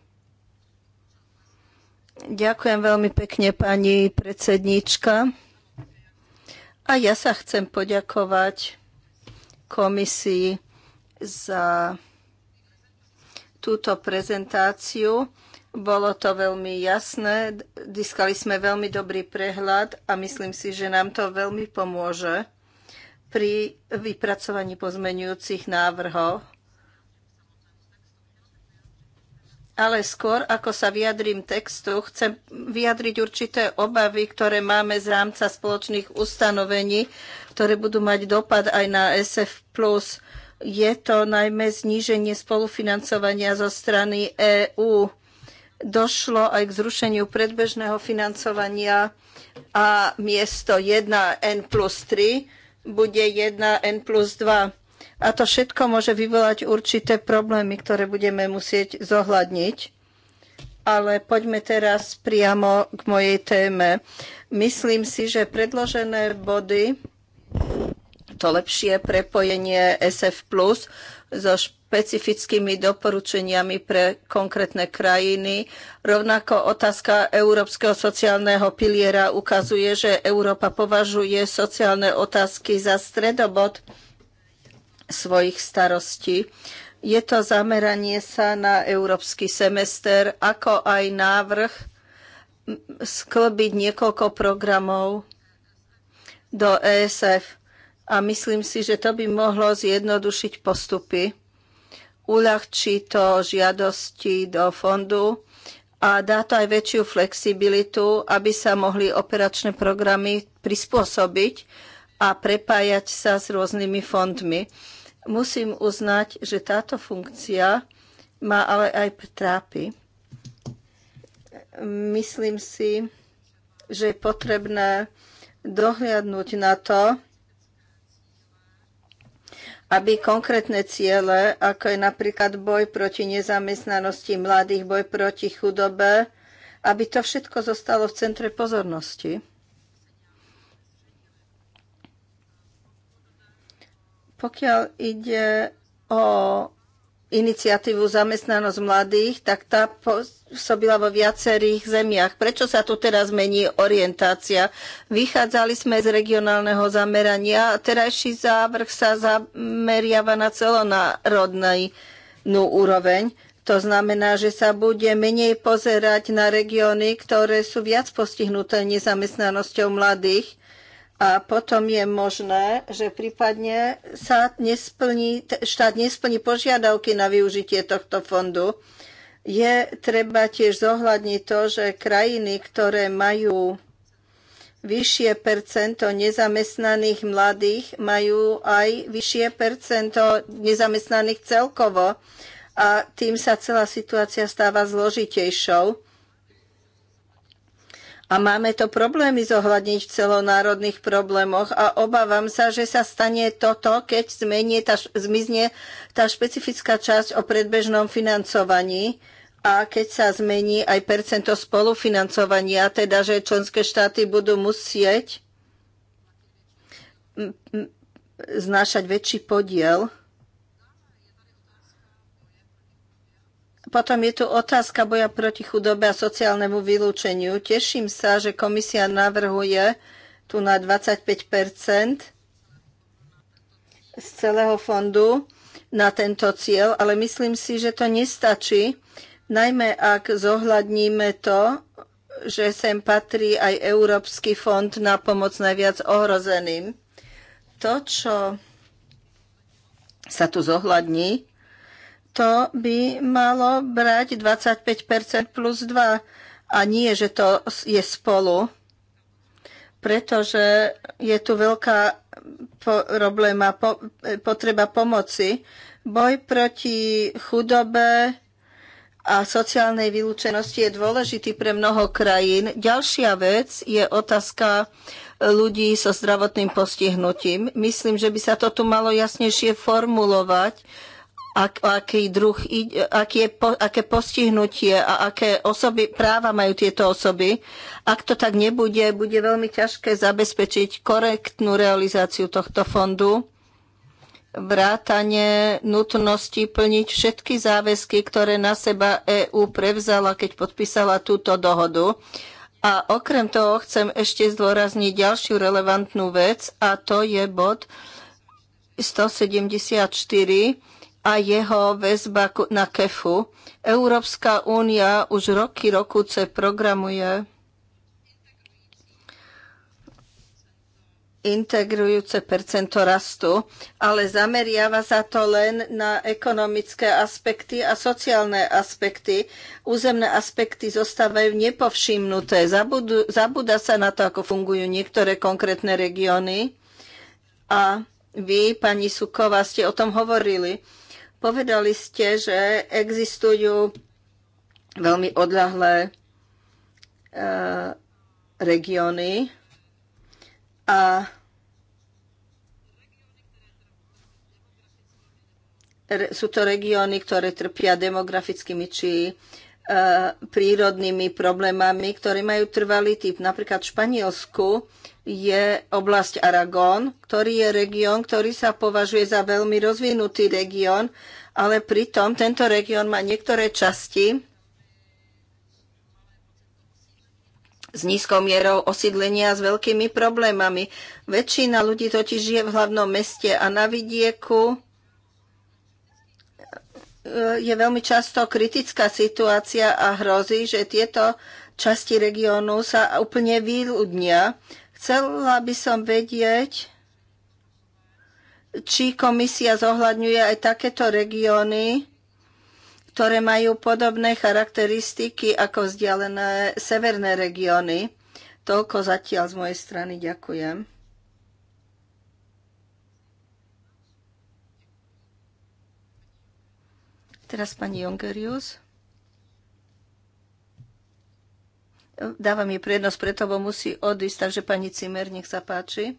Ďakujem veľmi pekne, pani predsednička. A ja sa chcem poďakovať komisii za túto prezentáciu. Bolo to veľmi jasné, diskali sme veľmi dobrý prehľad a myslím si, že nám to veľmi pomôže pri vypracovaní pozmenujúcich návrhov. Ale skôr, ako sa vyjadrím textu, chcem vyjadriť určité obavy, ktoré máme z rámca spoločných ustanovení, ktoré budú mať dopad aj na SF+ je to najmä zníženie spolufinancovania zo strany EÚ. Došlo aj k zrušeniu predbežného financovania a miesto 1N plus 3 bude 1N plus 2. A to všetko môže vyvolať určité problémy, ktoré budeme musieť zohľadniť. Ale poďme teraz priamo k mojej téme. Myslím si, že predložené body to lepšie prepojenie SF Plus so špecifickými doporučeniami pre konkrétne krajiny. Rovnako otázka Európskeho sociálneho piliera ukazuje, že Európa považuje sociálne otázky za stredobod svojich starostí. Je to zameranie sa na európsky semester, ako aj návrh sklbiť niekoľko programov do ESF a myslím si, že to by mohlo zjednodušiť postupy. Uľahčí to žiadosti do fondu a dá to aj väčšiu flexibilitu, aby sa mohli operačné programy prispôsobiť a prepájať sa s rôznymi fondmi. Musím uznať, že táto funkcia má ale aj trápy. Myslím si, že je potrebné dohliadnúť na to, aby konkrétne ciele, ako je napríklad boj proti nezamestnanosti mladých, boj proti chudobe, aby to všetko zostalo v centre pozornosti. Pokiaľ ide o iniciatívu Zamestnanosť mladých, tak tá pôsobila vo viacerých zemiach. Prečo sa tu teraz mení orientácia? Vychádzali sme z regionálneho zamerania a terajší závrh sa zameriava na celonárodnú úroveň. To znamená, že sa bude menej pozerať na regióny, ktoré sú viac postihnuté nezamestnanosťou mladých a potom je možné, že prípadne sa nesplní, štát nesplní požiadavky na využitie tohto fondu. Je treba tiež zohľadniť to, že krajiny, ktoré majú vyššie percento nezamestnaných mladých, majú aj vyššie percento nezamestnaných celkovo a tým sa celá situácia stáva zložitejšou a máme to problémy zohľadniť v celonárodných problémoch a obávam sa, že sa stane toto, keď zmenie tá, zmizne tá špecifická časť o predbežnom financovaní a keď sa zmení aj percento spolufinancovania, teda že členské štáty budú musieť znášať väčší podiel Potom je tu otázka boja proti chudobe a sociálnemu vylúčeniu. Teším sa, že komisia navrhuje tu na 25 z celého fondu na tento cieľ, ale myslím si, že to nestačí, najmä ak zohľadníme to, že sem patrí aj Európsky fond na pomoc najviac ohrozeným. To, čo sa tu zohľadní, to by malo brať 25 plus 2 a nie, že to je spolu, pretože je tu veľká probléma, potreba pomoci. Boj proti chudobe a sociálnej vylúčenosti je dôležitý pre mnoho krajín. Ďalšia vec je otázka ľudí so zdravotným postihnutím. Myslím, že by sa to tu malo jasnejšie formulovať, ak, aký druh, ak je, aké postihnutie a aké osoby, práva majú tieto osoby. Ak to tak nebude, bude veľmi ťažké zabezpečiť korektnú realizáciu tohto fondu, vrátanie nutnosti plniť všetky záväzky, ktoré na seba EÚ prevzala, keď podpísala túto dohodu. A okrem toho chcem ešte zdôrazniť ďalšiu relevantnú vec a to je bod 174 a jeho väzba na KEFu. Európska únia už roky rokuce programuje integrujúce percento rastu, ale zameriava sa to len na ekonomické aspekty a sociálne aspekty. Územné aspekty zostávajú nepovšimnuté. Zabudu, zabúda sa na to, ako fungujú niektoré konkrétne regióny. A vy, pani Suková, ste o tom hovorili. Povedali ste, že existujú veľmi odľahlé e, regióny a re, sú to regióny, ktoré trpia demografickými či e, prírodnými problémami, ktoré majú trvalý typ. Napríklad v Španielsku je oblasť Aragón, ktorý je región, ktorý sa považuje za veľmi rozvinutý región, ale pritom tento región má niektoré časti s nízkou mierou osídlenia a s veľkými problémami. Väčšina ľudí totiž žije v hlavnom meste a na vidieku eh, je veľmi často kritická situácia a hrozí, že tieto časti regiónu sa úplne vyľudnia. Chcela by som vedieť, či komisia zohľadňuje aj takéto regióny, ktoré majú podobné charakteristiky ako vzdialené severné regióny. Toľko zatiaľ z mojej strany. Ďakujem. Teraz pani Jongerius. Dávam jej prednosť, preto bo musí odísť, takže pani Cimer, nech sa páči.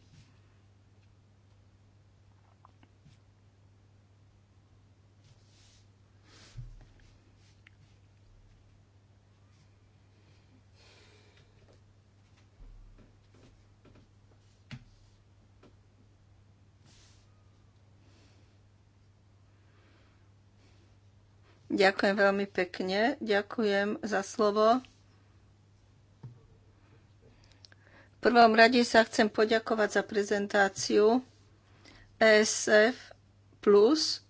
Ďakujem veľmi pekne. Ďakujem za slovo. prvom rade sa chcem poďakovať za prezentáciu ESF Plus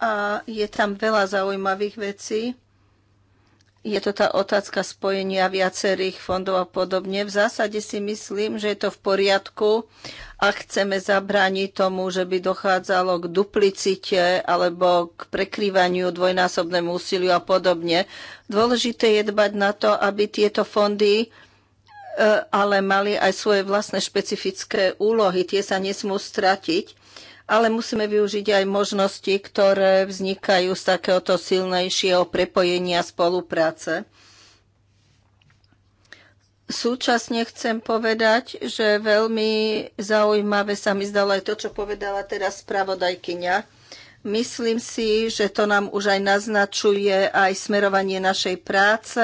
a je tam veľa zaujímavých vecí. Je to tá otázka spojenia viacerých fondov a podobne. V zásade si myslím, že je to v poriadku, a chceme zabrániť tomu, že by dochádzalo k duplicite alebo k prekrývaniu dvojnásobnému úsiliu a podobne. Dôležité je dbať na to, aby tieto fondy E, ale mali aj svoje vlastné špecifické úlohy. Tie sa nesmú stratiť, ale musíme využiť aj možnosti, ktoré vznikajú z takéhoto silnejšieho prepojenia spolupráce. Súčasne chcem povedať, že veľmi zaujímavé sa mi zdalo aj to, čo povedala teraz spravodajkyňa. Myslím si, že to nám už aj naznačuje aj smerovanie našej práce,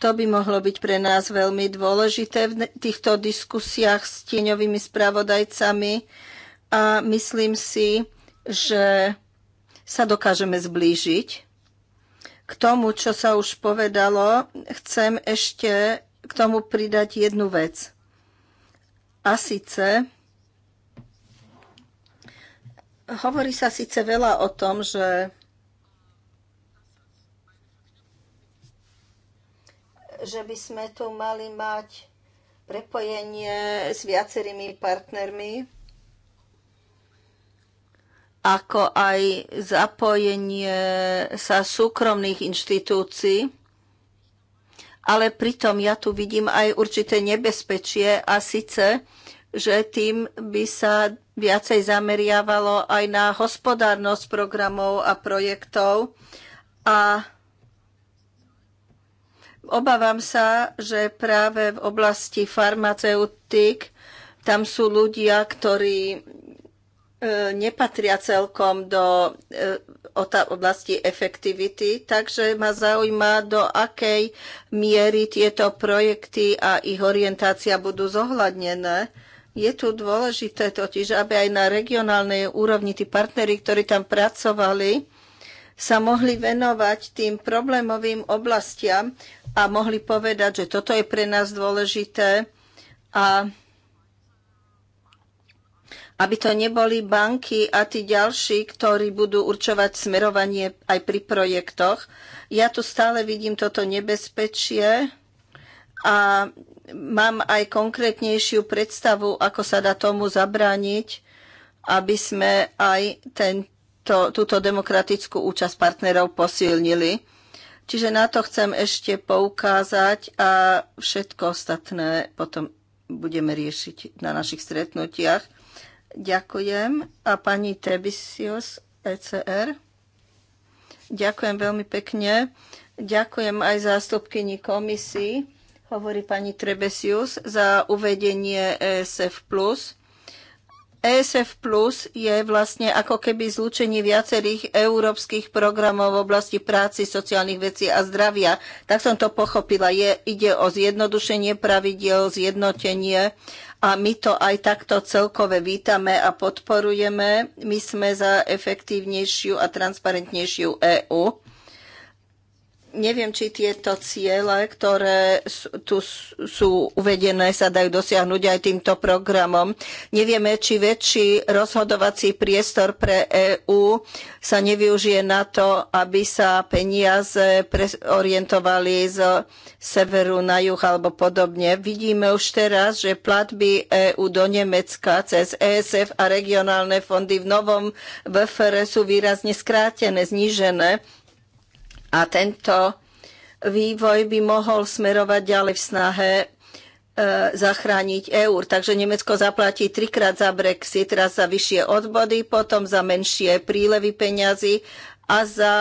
to by mohlo byť pre nás veľmi dôležité v týchto diskusiách s tieňovými spravodajcami a myslím si, že sa dokážeme zblížiť. K tomu, čo sa už povedalo, chcem ešte k tomu pridať jednu vec. A síce, hovorí sa síce veľa o tom, že že by sme tu mali mať prepojenie s viacerými partnermi, ako aj zapojenie sa súkromných inštitúcií. Ale pritom ja tu vidím aj určité nebezpečie a síce, že tým by sa viacej zameriavalo aj na hospodárnosť programov a projektov a Obávam sa, že práve v oblasti farmaceutík tam sú ľudia, ktorí e, nepatria celkom do e, oblasti efektivity, takže ma zaujíma, do akej miery tieto projekty a ich orientácia budú zohľadnené. Je tu dôležité totiž, aby aj na regionálnej úrovni tí partnery, ktorí tam pracovali, sa mohli venovať tým problémovým oblastiam, a mohli povedať, že toto je pre nás dôležité a aby to neboli banky a tí ďalší, ktorí budú určovať smerovanie aj pri projektoch. Ja tu stále vidím toto nebezpečie a mám aj konkrétnejšiu predstavu, ako sa dá tomu zabrániť, aby sme aj tento, túto demokratickú účasť partnerov posilnili. Čiže na to chcem ešte poukázať a všetko ostatné potom budeme riešiť na našich stretnutiach. Ďakujem. A pani Tebisios, ECR. Ďakujem veľmi pekne. Ďakujem aj zástupkyni komisii, hovorí pani Trebesius, za uvedenie ESF+. ESF Plus je vlastne ako keby zlúčenie viacerých európskych programov v oblasti práci, sociálnych vecí a zdravia. Tak som to pochopila. Je, ide o zjednodušenie pravidiel, zjednotenie a my to aj takto celkové vítame a podporujeme. My sme za efektívnejšiu a transparentnejšiu EÚ. Neviem, či tieto ciele, ktoré tu sú uvedené, sa dajú dosiahnuť aj týmto programom. Nevieme, či väčší rozhodovací priestor pre EÚ sa nevyužije na to, aby sa peniaze orientovali z severu na juh alebo podobne. Vidíme už teraz, že platby EÚ do Nemecka cez ESF a regionálne fondy v novom VFR sú výrazne skrátené, znížené a tento vývoj by mohol smerovať ďalej v snahe e, zachrániť eur. Takže Nemecko zaplatí trikrát za Brexit, raz za vyššie odbody, potom za menšie prílevy peňazí a za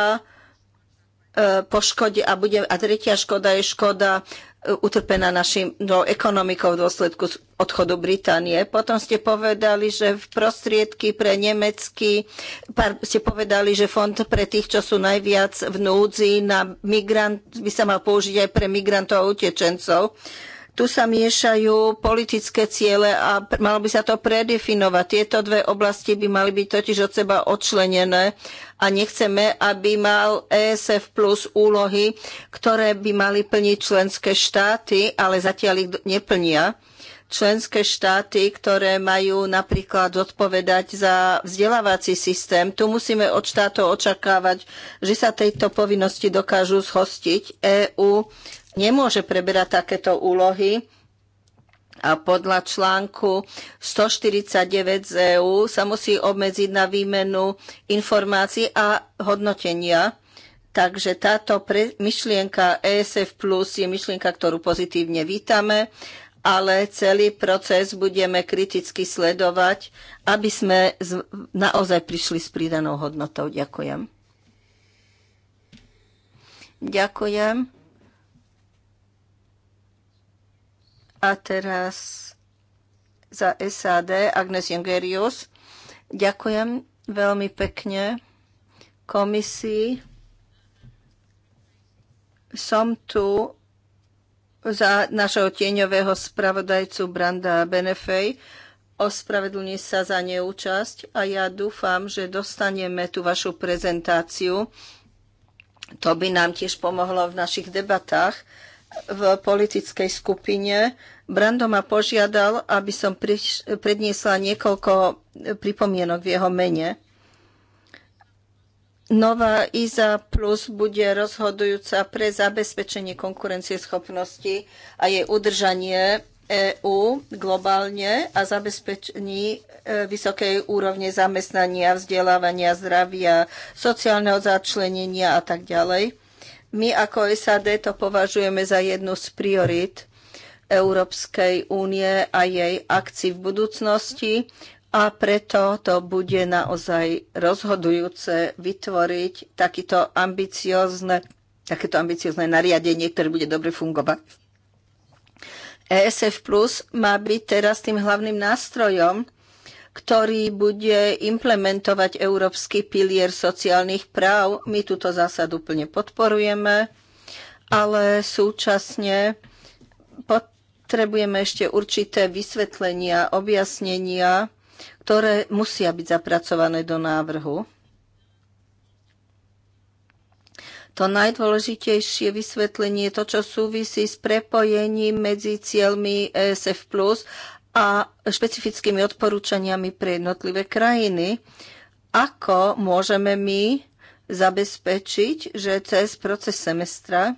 e, poškode a, bude, a tretia škoda je škoda E, utrpená našim no, ekonomikou v dôsledku odchodu Británie. Potom ste povedali, že v prostriedky pre nemecký, pár, ste povedali, že fond pre tých, čo sú najviac v núdzi na migrant, by sa mal použiť aj pre migrantov a utečencov. Uh, tu sa miešajú politické ciele a malo by sa to predefinovať. Tieto dve oblasti by mali byť totiž od seba odčlenené a nechceme, aby mal ESF plus úlohy, ktoré by mali plniť členské štáty, ale zatiaľ ich neplnia členské štáty, ktoré majú napríklad zodpovedať za vzdelávací systém. Tu musíme od štátov očakávať, že sa tejto povinnosti dokážu zhostiť. EÚ nemôže preberať takéto úlohy a podľa článku 149 z EU sa musí obmedziť na výmenu informácií a hodnotenia. Takže táto pre, myšlienka ESF Plus je myšlienka, ktorú pozitívne vítame, ale celý proces budeme kriticky sledovať, aby sme z, naozaj prišli s pridanou hodnotou. Ďakujem. Ďakujem. A teraz za SAD Agnes Jungerius. Ďakujem veľmi pekne komisii. Som tu za našeho tieňového spravodajcu Branda Benefej. Ospravedlní sa za neúčasť a ja dúfam, že dostaneme tú vašu prezentáciu. To by nám tiež pomohlo v našich debatách v politickej skupine. Brando ma požiadal, aby som predniesla niekoľko pripomienok v jeho mene. Nová IZA Plus bude rozhodujúca pre zabezpečenie konkurencieschopnosti a jej udržanie EÚ globálne a zabezpečení e, vysokej úrovne zamestnania, vzdelávania, zdravia, sociálneho začlenenia a tak ďalej. My ako SAD to považujeme za jednu z priorit Európskej únie a jej akcií v budúcnosti a preto to bude naozaj rozhodujúce vytvoriť takýto ambiciozne, takéto ambiciozne nariadenie, ktoré bude dobre fungovať. ESF Plus má byť teraz tým hlavným nástrojom, ktorý bude implementovať Európsky pilier sociálnych práv. My túto zásadu plne podporujeme, ale súčasne potrebujeme ešte určité vysvetlenia, objasnenia, ktoré musia byť zapracované do návrhu. To najdôležitejšie vysvetlenie je to, čo súvisí s prepojením medzi cieľmi ESF Plus a špecifickými odporúčaniami pre jednotlivé krajiny, ako môžeme my zabezpečiť, že cez proces semestra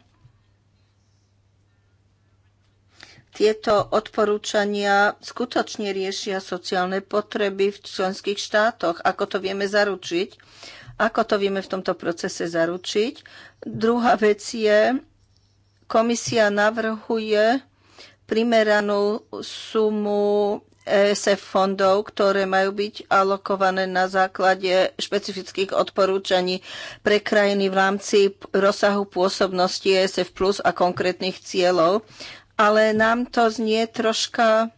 tieto odporúčania skutočne riešia sociálne potreby v členských štátoch. Ako to vieme zaručiť? Ako to vieme v tomto procese zaručiť? Druhá vec je, komisia navrhuje primeranú sumu ESF fondov, ktoré majú byť alokované na základe špecifických odporúčaní pre krajiny v rámci rozsahu pôsobnosti ESF plus a konkrétnych cieľov. Ale nám to znie troška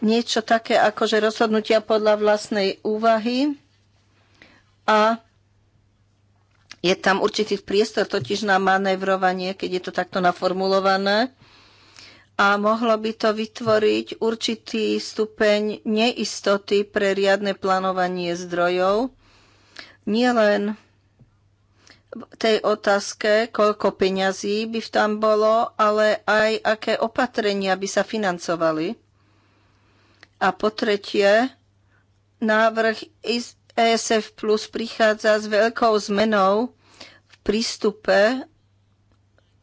niečo také ako, že rozhodnutia podľa vlastnej úvahy a je tam určitý priestor totiž na manévrovanie, keď je to takto naformulované a mohlo by to vytvoriť určitý stupeň neistoty pre riadne plánovanie zdrojov, nielen v tej otázke, koľko peňazí by tam bolo, ale aj aké opatrenia by sa financovali. A po tretie, návrh ESF Plus prichádza s veľkou zmenou v prístupe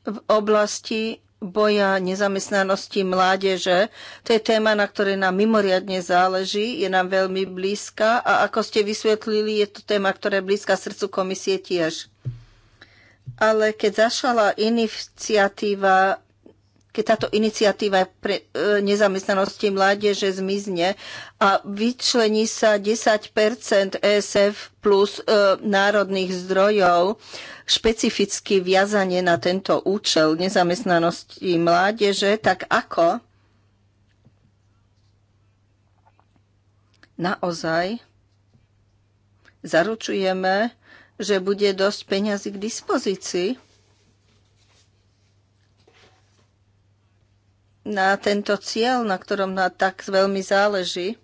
v oblasti boja nezamestnanosti mládeže. To je téma, na ktorej nám mimoriadne záleží, je nám veľmi blízka a ako ste vysvetlili, je to téma, ktorá je blízka srdcu komisie tiež. Ale keď zašala iniciatíva keď táto iniciatíva pre e, nezamestnanosti mládeže zmizne a vyčlení sa 10 ESF plus e, národných zdrojov špecificky viazanie na tento účel nezamestnanosti mládeže, tak ako naozaj zaručujeme, že bude dosť peňazí k dispozícii na tento cieľ, na ktorom nám tak veľmi záleží.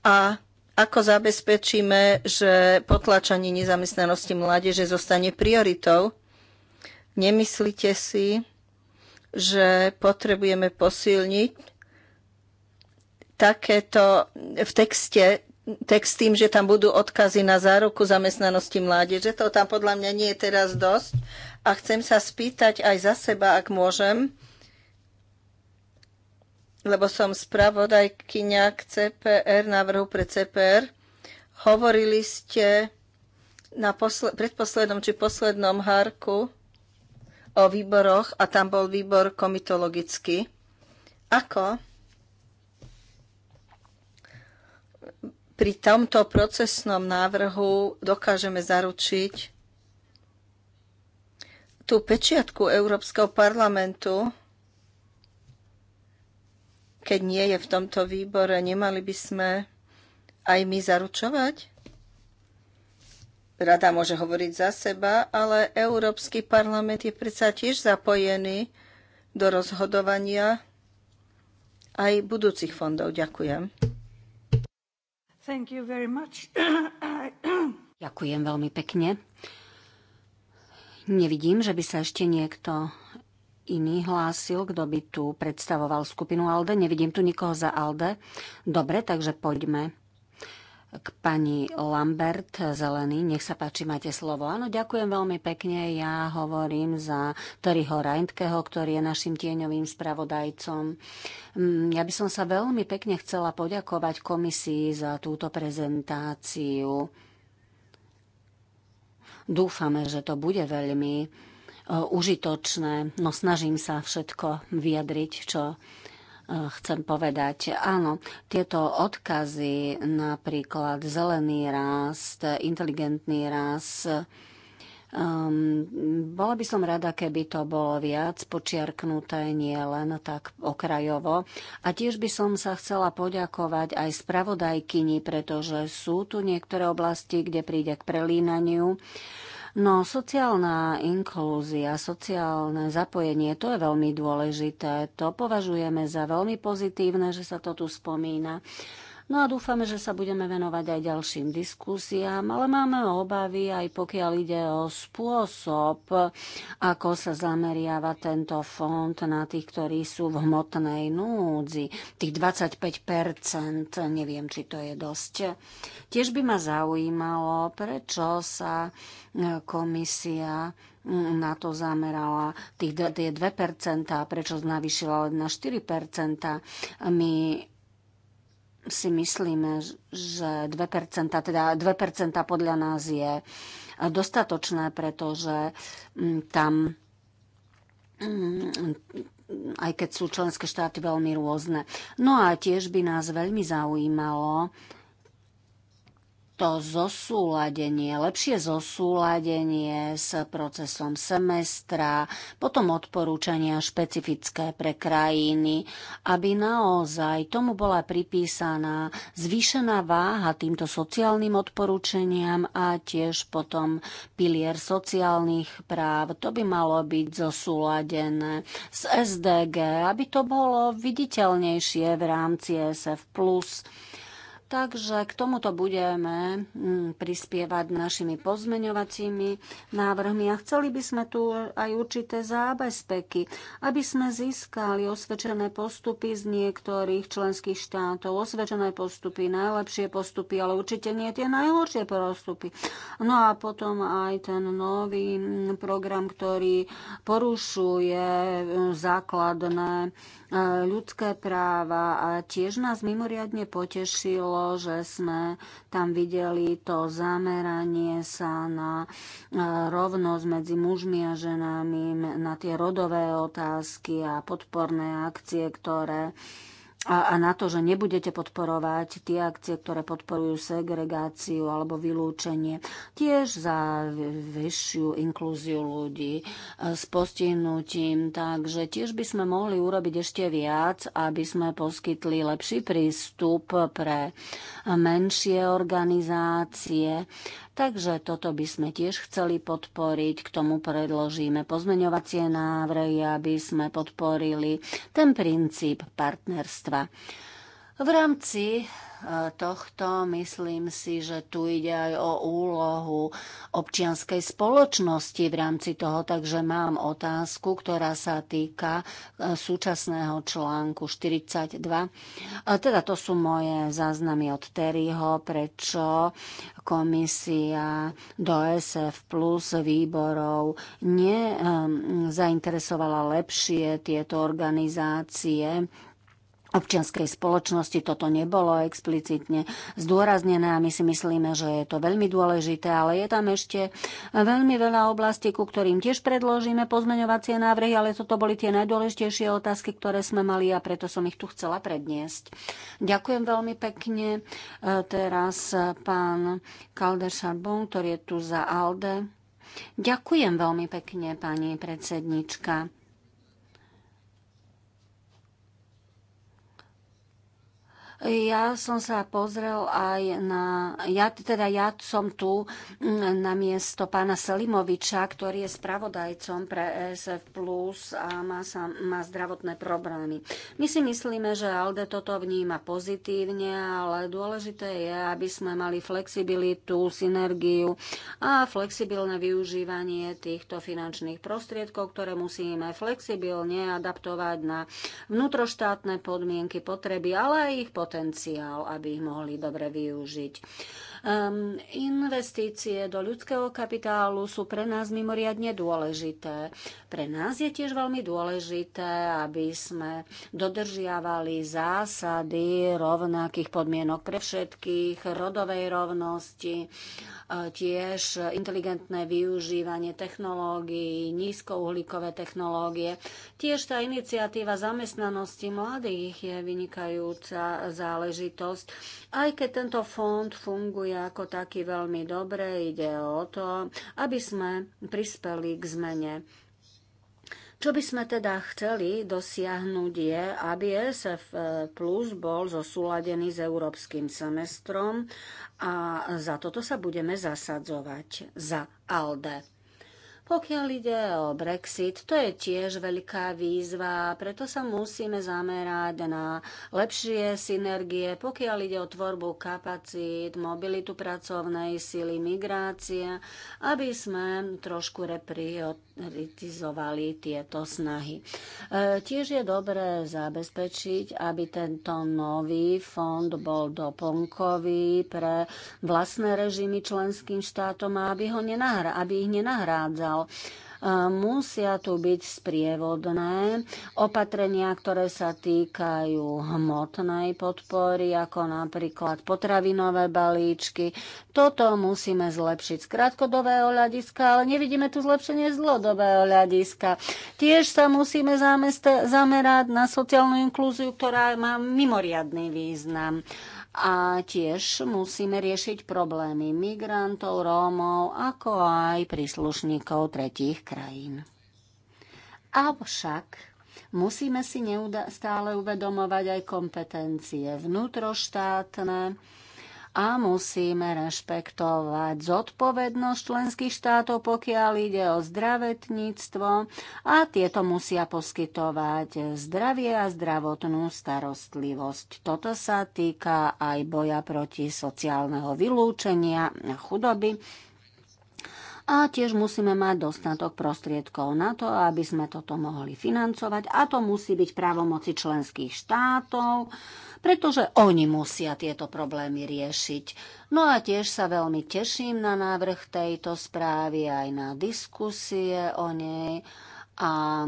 A ako zabezpečíme, že potlačanie nezamestnanosti mládeže zostane prioritou? Nemyslíte si, že potrebujeme posilniť takéto v texte text tým, že tam budú odkazy na záruku zamestnanosti mládeže. To tam podľa mňa nie je teraz dosť a chcem sa spýtať aj za seba, ak môžem, lebo som spravodajkyňa k CPR, návrhu pre CPR. Hovorili ste na posle- predposlednom či poslednom hárku o výboroch a tam bol výbor komitologický. Ako pri tomto procesnom návrhu dokážeme zaručiť, tú pečiatku Európskeho parlamentu, keď nie je v tomto výbore, nemali by sme aj my zaručovať? Rada môže hovoriť za seba, ale Európsky parlament je predsa tiež zapojený do rozhodovania aj budúcich fondov. Ďakujem. Thank you very much. Ďakujem veľmi pekne. Nevidím, že by sa ešte niekto iný hlásil, kto by tu predstavoval skupinu ALDE. Nevidím tu nikoho za ALDE. Dobre, takže poďme k pani Lambert Zelený. Nech sa páči, máte slovo. Áno, ďakujem veľmi pekne. Ja hovorím za Toriho Reintkeho, ktorý je našim tieňovým spravodajcom. Mm, ja by som sa veľmi pekne chcela poďakovať komisii za túto prezentáciu. Dúfame, že to bude veľmi e, užitočné, no snažím sa všetko vyjadriť, čo e, chcem povedať. Áno, tieto odkazy, napríklad zelený rast, inteligentný rast, Um, bola by som rada, keby to bolo viac počiarknuté, nie len tak okrajovo. A tiež by som sa chcela poďakovať aj spravodajkyni, pretože sú tu niektoré oblasti, kde príde k prelínaniu. No, sociálna inklúzia, sociálne zapojenie, to je veľmi dôležité. To považujeme za veľmi pozitívne, že sa to tu spomína. No a dúfame, že sa budeme venovať aj ďalším diskusiám, ale máme obavy aj pokiaľ ide o spôsob, ako sa zameriava tento fond na tých, ktorí sú v hmotnej núdzi. Tých 25%, neviem, či to je dosť. Tiež by ma zaujímalo, prečo sa e, komisia na to zamerala tých, tie 2%, prečo znavyšila len na 4%. My si myslíme, že 2%, teda 2% podľa nás je dostatočné, pretože mm, tam mm, aj keď sú členské štáty veľmi rôzne. No a tiež by nás veľmi zaujímalo, to zosúladenie, lepšie zosúladenie s procesom semestra, potom odporúčania špecifické pre krajiny, aby naozaj tomu bola pripísaná zvýšená váha týmto sociálnym odporúčaniam a tiež potom pilier sociálnych práv. To by malo byť zosúladené s SDG, aby to bolo viditeľnejšie v rámci SF+. Takže k tomuto budeme mm, prispievať našimi pozmeňovacími návrhmi a chceli by sme tu aj určité zábezpeky, aby sme získali osvedčené postupy z niektorých členských štátov, osvedčené postupy, najlepšie postupy, ale určite nie tie najhoršie postupy. No a potom aj ten nový mm, program, ktorý porušuje mm, základné ľudské práva a tiež nás mimoriadne potešilo, že sme tam videli to zameranie sa na e, rovnosť medzi mužmi a ženami, na tie rodové otázky a podporné akcie, ktoré a, a na to, že nebudete podporovať tie akcie, ktoré podporujú segregáciu alebo vylúčenie, tiež za vyššiu inklúziu ľudí e, s postihnutím. Takže tiež by sme mohli urobiť ešte viac, aby sme poskytli lepší prístup pre menšie organizácie Takže toto by sme tiež chceli podporiť. K tomu predložíme pozmeňovacie návrhy, aby sme podporili ten princíp partnerstva. V rámci e, tohto myslím si, že tu ide aj o úlohu občianskej spoločnosti v rámci toho, takže mám otázku, ktorá sa týka e, súčasného článku 42. E, teda to sú moje záznamy od Terryho, prečo komisia do SF plus výborov nezainteresovala lepšie tieto organizácie občianskej spoločnosti toto nebolo explicitne zdôraznené a my si myslíme, že je to veľmi dôležité, ale je tam ešte veľmi veľa oblastí, ku ktorým tiež predložíme pozmeňovacie návrhy, ale toto boli tie najdôležitejšie otázky, ktoré sme mali a preto som ich tu chcela predniesť. Ďakujem veľmi pekne. E, teraz pán Kalder Šarbon, ktorý je tu za ALDE. Ďakujem veľmi pekne, pani predsednička. Ja som sa pozrel aj na... Ja, teda ja som tu mm, na miesto pána Selimoviča, ktorý je spravodajcom pre ESF Plus a má, sa, má zdravotné problémy. My si myslíme, že ALDE toto vníma pozitívne, ale dôležité je, aby sme mali flexibilitu, synergiu a flexibilné využívanie týchto finančných prostriedkov, ktoré musíme flexibilne adaptovať na vnútroštátne podmienky, potreby, ale aj ich potreby potenciál, aby ich mohli dobre využiť. Um, investície do ľudského kapitálu sú pre nás mimoriadne dôležité. Pre nás je tiež veľmi dôležité, aby sme dodržiavali zásady rovnakých podmienok pre všetkých, rodovej rovnosti, e, tiež inteligentné využívanie technológií, nízkouhlíkové technológie. Tiež tá iniciatíva zamestnanosti mladých je vynikajúca záležitosť. Aj keď tento fond funguje ako taký veľmi dobre, ide o to, aby sme prispeli k zmene čo by sme teda chceli dosiahnuť je, aby SF Plus bol zosúladený s európskym semestrom a za toto sa budeme zasadzovať za ALDE. Pokiaľ ide o Brexit, to je tiež veľká výzva, preto sa musíme zamerať na lepšie synergie, pokiaľ ide o tvorbu kapacít, mobilitu pracovnej sily, migrácie, aby sme trošku reprioritizovali tieto snahy. E, tiež je dobré zabezpečiť, aby tento nový fond bol doplnkový pre vlastné režimy členským štátom a aby, ho nenahra- aby ich nenahrádzal signál musia tu byť sprievodné opatrenia, ktoré sa týkajú hmotnej podpory, ako napríklad potravinové balíčky. Toto musíme zlepšiť z krátkodobého hľadiska, ale nevidíme tu zlepšenie z dlhodobého hľadiska. Tiež sa musíme zamerať na sociálnu inklúziu, ktorá má mimoriadný význam a tiež musíme riešiť problémy migrantov, Rómov, ako aj príslušníkov tretích krajín. Avšak musíme si neustále uvedomovať aj kompetencie vnútroštátne, a musíme rešpektovať zodpovednosť členských štátov, pokiaľ ide o zdravotníctvo a tieto musia poskytovať zdravie a zdravotnú starostlivosť. Toto sa týka aj boja proti sociálneho vylúčenia a chudoby. A tiež musíme mať dostatok prostriedkov na to, aby sme toto mohli financovať. A to musí byť právomoci členských štátov pretože oni musia tieto problémy riešiť. No a tiež sa veľmi teším na návrh tejto správy aj na diskusie o nej a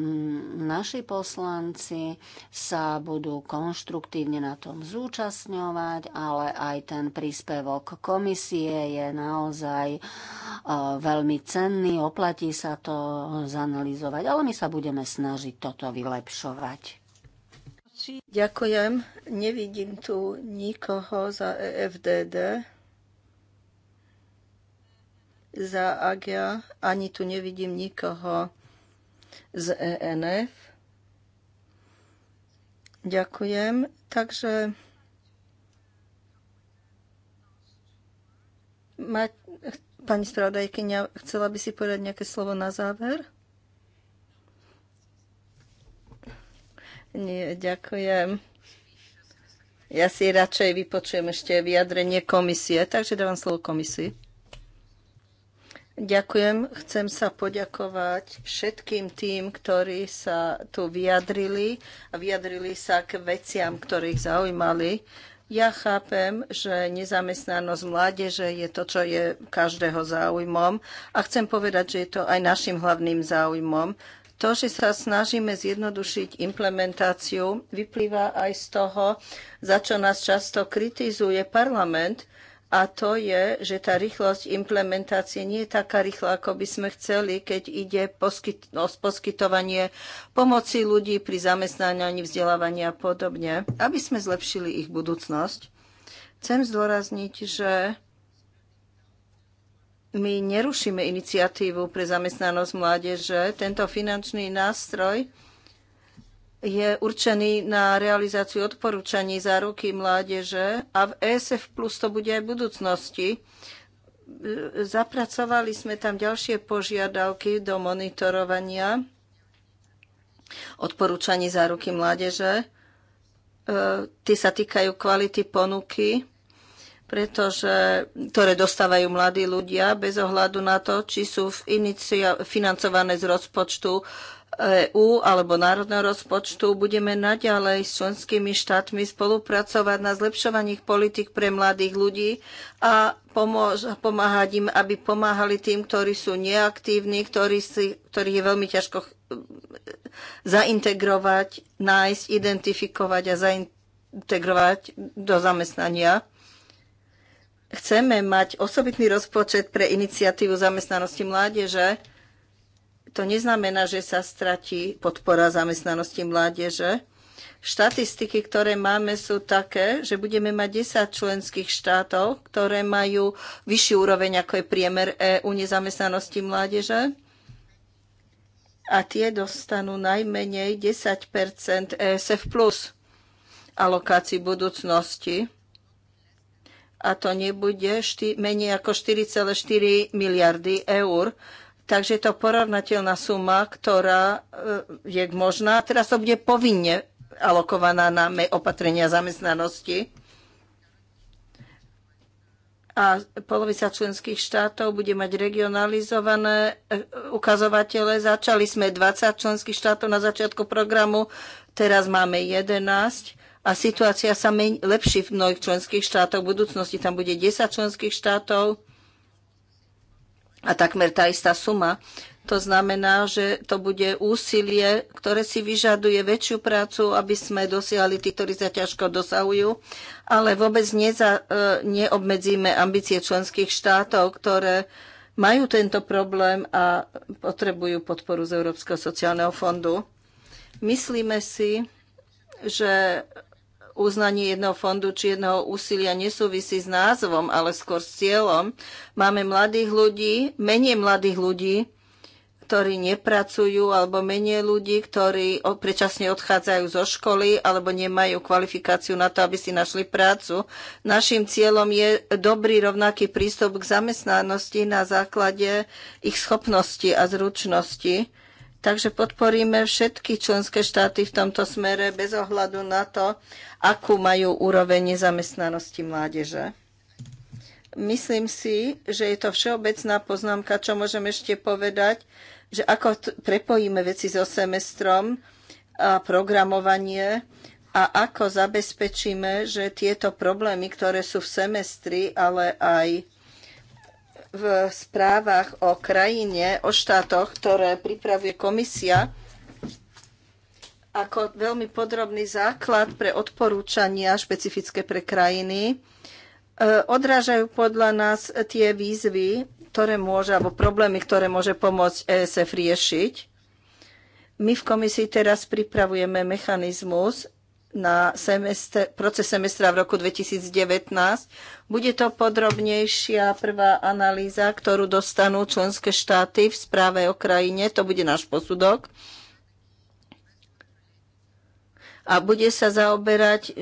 naši poslanci sa budú konštruktívne na tom zúčastňovať, ale aj ten príspevok komisie je naozaj e, veľmi cenný, oplatí sa to zanalizovať, ale my sa budeme snažiť toto vylepšovať. Ďakujem. Nevidím tu nikoho za EFDD, za AGIA, ani tu nevidím nikoho z ENF. Ďakujem. Takže ma, pani spravodajkyňa, chcela by si povedať nejaké slovo na záver? Nie, ďakujem. Ja si radšej vypočujem ešte vyjadrenie komisie, takže dávam slovo komisii. Ďakujem. Chcem sa poďakovať všetkým tým, ktorí sa tu vyjadrili a vyjadrili sa k veciam, ktoré ich zaujímali. Ja chápem, že nezamestnanosť mládeže je to, čo je každého záujmom a chcem povedať, že je to aj našim hlavným záujmom. To, že sa snažíme zjednodušiť implementáciu, vyplýva aj z toho, za čo nás často kritizuje parlament, a to je, že tá rýchlosť implementácie nie je taká rýchla, ako by sme chceli, keď ide poskyt- o poskytovanie pomoci ľudí pri zamestnaní, vzdelávaní a podobne, aby sme zlepšili ich budúcnosť. Chcem zdôrazniť, že my nerušíme iniciatívu pre zamestnanosť mládeže. Tento finančný nástroj je určený na realizáciu odporúčaní za ruky mládeže a v ESF Plus to bude aj v budúcnosti. Zapracovali sme tam ďalšie požiadavky do monitorovania odporúčaní za ruky mládeže. E, tie sa týkajú kvality ponuky pretože, ktoré dostávajú mladí ľudia bez ohľadu na to, či sú financované z rozpočtu EÚ alebo národného rozpočtu. Budeme naďalej s členskými štátmi spolupracovať na zlepšovaní politik pre mladých ľudí a pomáhať im, aby pomáhali tým, ktorí sú neaktívni, ktorí si, ktorých je veľmi ťažko e, zaintegrovať, nájsť, identifikovať a zaintegrovať do zamestnania chceme mať osobitný rozpočet pre iniciatívu zamestnanosti mládeže, to neznamená, že sa stratí podpora zamestnanosti mládeže. Štatistiky, ktoré máme, sú také, že budeme mať 10 členských štátov, ktoré majú vyšší úroveň, ako je priemer EU nezamestnanosti mládeže a tie dostanú najmenej 10 ESF plus alokácií budúcnosti a to nebude menej ako 4,4 miliardy eur. Takže je to porovnateľná suma, ktorá e, je možná. Teraz to bude povinne alokovaná na opatrenia zamestnanosti. A polovica členských štátov bude mať regionalizované e, ukazovatele. Začali sme 20 členských štátov na začiatku programu, teraz máme 11 a situácia sa men- lepší v mnohých členských štátoch. V budúcnosti tam bude 10 členských štátov a takmer tá istá suma. To znamená, že to bude úsilie, ktoré si vyžaduje väčšiu prácu, aby sme dosiahli tí, ktorí sa ťažko dosahujú, ale vôbec neza, e, neobmedzíme ambície členských štátov, ktoré majú tento problém a potrebujú podporu z Európskeho sociálneho fondu. Myslíme si, že uznanie jedného fondu či jedného úsilia nesúvisí s názvom, ale skôr s cieľom. Máme mladých ľudí, menej mladých ľudí, ktorí nepracujú, alebo menej ľudí, ktorí predčasne odchádzajú zo školy alebo nemajú kvalifikáciu na to, aby si našli prácu. Našim cieľom je dobrý rovnaký prístup k zamestnanosti na základe ich schopnosti a zručnosti. Takže podporíme všetky členské štáty v tomto smere bez ohľadu na to, akú majú úroveň nezamestnanosti mládeže. Myslím si, že je to všeobecná poznámka, čo môžem ešte povedať, že ako prepojíme veci so semestrom a programovanie a ako zabezpečíme, že tieto problémy, ktoré sú v semestri, ale aj v správach o krajine, o štátoch, ktoré pripravuje komisia, ako veľmi podrobný základ pre odporúčania špecifické pre krajiny, e, odrážajú podľa nás tie výzvy, ktoré môže, alebo problémy, ktoré môže pomôcť ESF riešiť. My v komisii teraz pripravujeme mechanizmus, na semestr, proces semestra v roku 2019. Bude to podrobnejšia prvá analýza, ktorú dostanú členské štáty v správe o krajine. To bude náš posudok. A bude sa zaoberať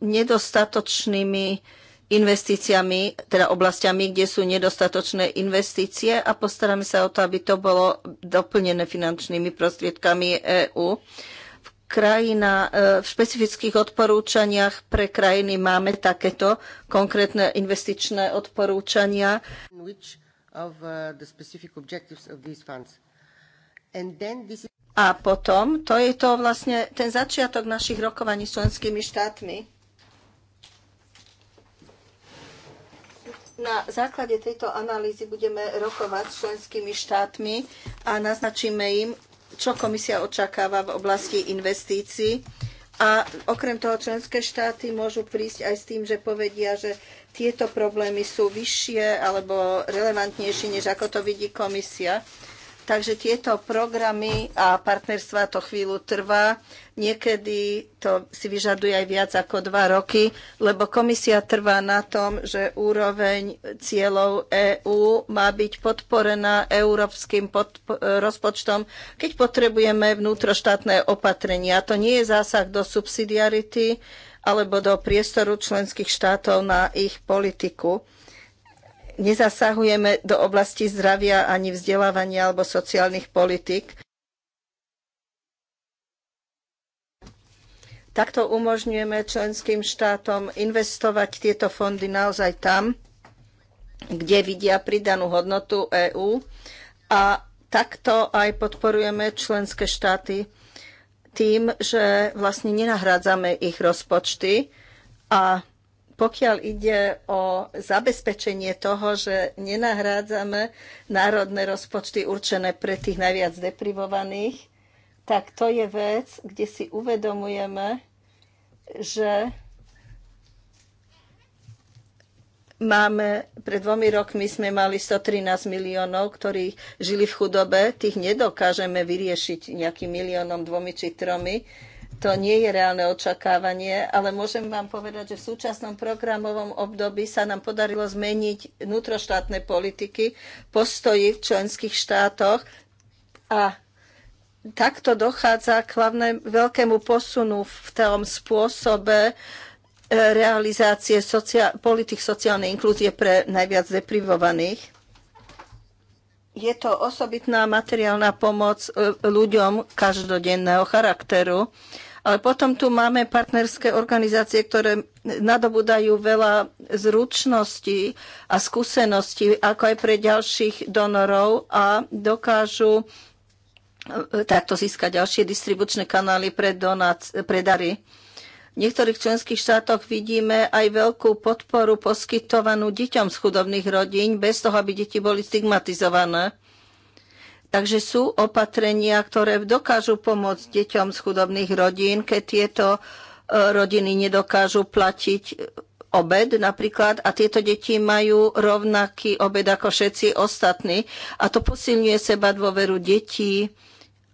nedostatočnými investíciami, teda oblastiami, kde sú nedostatočné investície a postaráme sa o to, aby to bolo doplnené finančnými prostriedkami EÚ. EU krajina, e, v špecifických odporúčaniach pre krajiny máme takéto konkrétne investičné odporúčania. Uh, a potom, to je to vlastne ten začiatok našich rokovaní s členskými štátmi. Na základe tejto analýzy budeme rokovať s členskými štátmi a naznačíme im, čo komisia očakáva v oblasti investícií. A okrem toho členské štáty môžu prísť aj s tým, že povedia, že tieto problémy sú vyššie alebo relevantnejšie, než ako to vidí komisia. Takže tieto programy a partnerstva to chvíľu trvá Niekedy to si vyžaduje aj viac ako dva roky, lebo komisia trvá na tom, že úroveň cieľov EÚ má byť podporená európskym podpo- rozpočtom, keď potrebujeme vnútroštátne opatrenia. To nie je zásah do subsidiarity alebo do priestoru členských štátov na ich politiku nezasahujeme do oblasti zdravia ani vzdelávania alebo sociálnych politik. Takto umožňujeme členským štátom investovať tieto fondy naozaj tam, kde vidia pridanú hodnotu EÚ a takto aj podporujeme členské štáty tým, že vlastne nenahrádzame ich rozpočty a pokiaľ ide o zabezpečenie toho, že nenahrádzame národné rozpočty určené pre tých najviac deprivovaných, tak to je vec, kde si uvedomujeme, že máme, pred dvomi rokmi sme mali 113 miliónov, ktorí žili v chudobe, tých nedokážeme vyriešiť nejakým miliónom, dvomi či tromi. To nie je reálne očakávanie, ale môžem vám povedať, že v súčasnom programovom období sa nám podarilo zmeniť vnútroštátne politiky, postoji v členských štátoch a takto dochádza k hlavnému veľkému posunu v tom spôsobe e, realizácie socia- politik sociálnej inklúzie pre najviac deprivovaných. Je to osobitná materiálna pomoc e, ľuďom každodenného charakteru, ale potom tu máme partnerské organizácie, ktoré nadobúdajú veľa zručností a skúseností, ako aj pre ďalších donorov a dokážu takto získať ďalšie distribučné kanály pre, donac, pre dary. V niektorých členských štátoch vidíme aj veľkú podporu poskytovanú deťom z chudobných rodín, bez toho, aby deti boli stigmatizované. Takže sú opatrenia, ktoré dokážu pomôcť deťom z chudobných rodín, keď tieto e, rodiny nedokážu platiť e, obed napríklad a tieto deti majú rovnaký obed ako všetci ostatní a to posilňuje seba dôveru detí,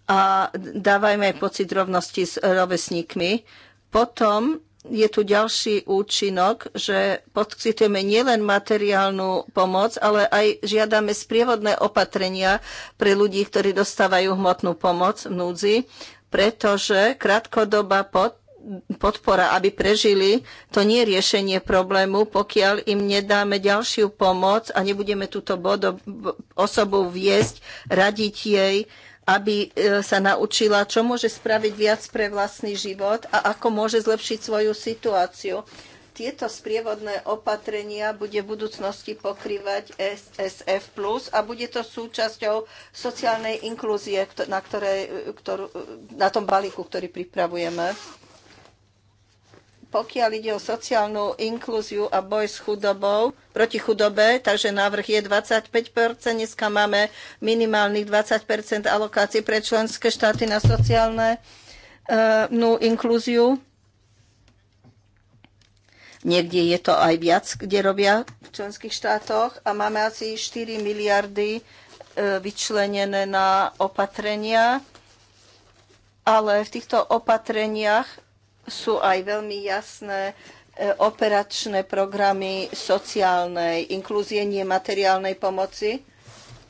a dávajme aj pocit rovnosti s rovesníkmi. Potom je tu ďalší účinok, že poskytujeme nielen materiálnu pomoc, ale aj žiadame sprievodné opatrenia pre ľudí, ktorí dostávajú hmotnú pomoc v núdzi, pretože krátkodobá pod, podpora, aby prežili, to nie je riešenie problému, pokiaľ im nedáme ďalšiu pomoc a nebudeme túto bodo, osobu viesť, radiť jej, aby e, sa naučila, čo môže spraviť viac pre vlastný život a ako môže zlepšiť svoju situáciu. Tieto sprievodné opatrenia bude v budúcnosti pokrývať SSF+, a bude to súčasťou sociálnej inklúzie, na, ktorej, ktorú, na tom balíku, ktorý pripravujeme pokiaľ ide o sociálnu inklúziu a boj s chudobou, proti chudobe, takže návrh je 25%, dneska máme minimálnych 20% alokácií pre členské štáty na sociálnu eh, no, inklúziu. Niekde je to aj viac, kde robia v členských štátoch a máme asi 4 miliardy eh, vyčlenené na opatrenia, ale v týchto opatreniach sú aj veľmi jasné e, operačné programy sociálnej inklúzie, nie materiálnej pomoci.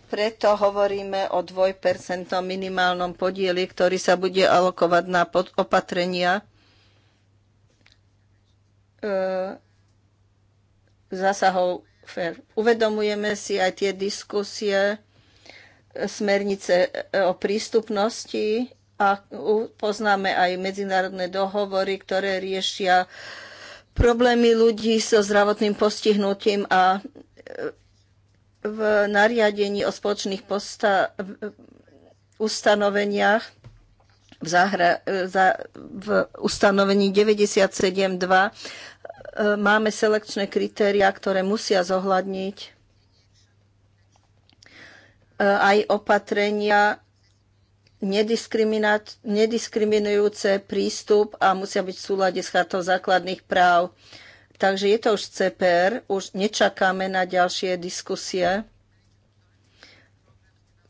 Preto hovoríme o 2% minimálnom podieli, ktorý sa bude alokovať na opatrenia e, zásahov fair. Uvedomujeme si aj tie diskusie, e, smernice o prístupnosti a poznáme aj medzinárodné dohovory, ktoré riešia problémy ľudí so zdravotným postihnutím a e, v nariadení o spoločných posta- ustanoveniach v, zahra- e, za- v ustanovení 97.2 e, máme selekčné kritéria, ktoré musia zohľadniť aj opatrenia nediskriminujúce prístup a musia byť v súlade s chartou základných práv. Takže je to už CPR, už nečakáme na ďalšie diskusie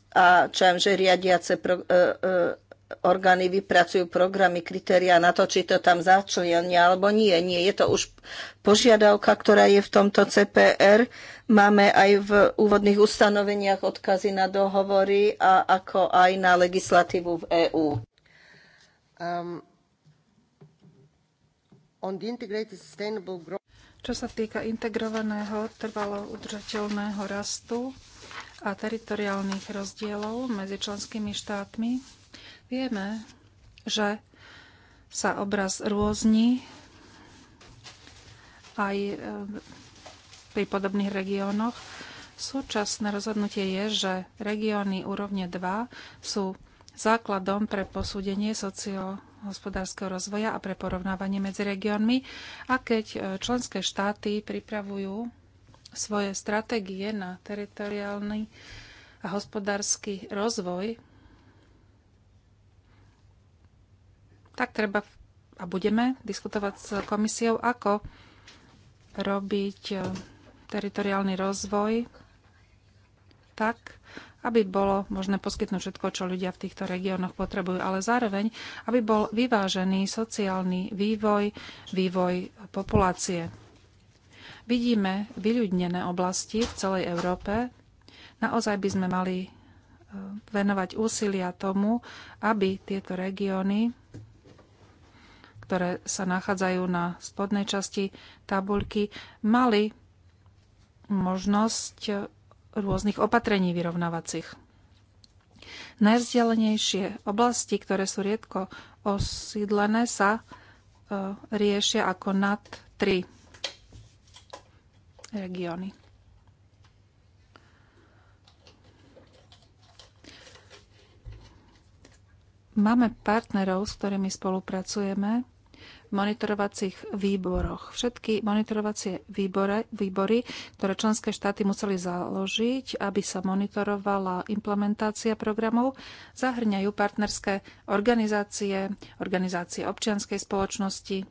a čo že riadiace pro, e, e, orgány vypracujú programy, kritéria na to, či to tam začlenia alebo nie. Nie, je to už požiadavka, ktorá je v tomto CPR. Máme aj v úvodných ustanoveniach odkazy na dohovory a ako aj na legislatívu v EÚ. Um, Čo sa týka integrovaného trvalo udržateľného rastu a teritoriálnych rozdielov medzi členskými štátmi, Vieme, že sa obraz rôzni aj e, pri podobných regiónoch. Súčasné rozhodnutie je, že regióny úrovne 2 sú základom pre posúdenie sociohospodárskeho rozvoja a pre porovnávanie medzi regiónmi. A keď e, členské štáty pripravujú svoje stratégie na teritoriálny a hospodársky rozvoj tak treba a budeme diskutovať s komisiou, ako robiť e, teritoriálny rozvoj tak, aby bolo možné poskytnúť všetko, čo ľudia v týchto regiónoch potrebujú, ale zároveň, aby bol vyvážený sociálny vývoj, vývoj populácie. Vidíme vyľudnené oblasti v celej Európe. Naozaj by sme mali e, venovať úsilia tomu, aby tieto regióny ktoré sa nachádzajú na spodnej časti tabuľky, mali možnosť rôznych opatrení vyrovnávacích. Najvzdialenejšie oblasti, ktoré sú riedko osídlené, sa e, riešia ako nad 3 regióny. Máme partnerov, s ktorými spolupracujeme monitorovacích výboroch. Všetky monitorovacie výbore, výbory, ktoré členské štáty museli založiť, aby sa monitorovala implementácia programov, zahrňajú partnerské organizácie, organizácie občianskej spoločnosti,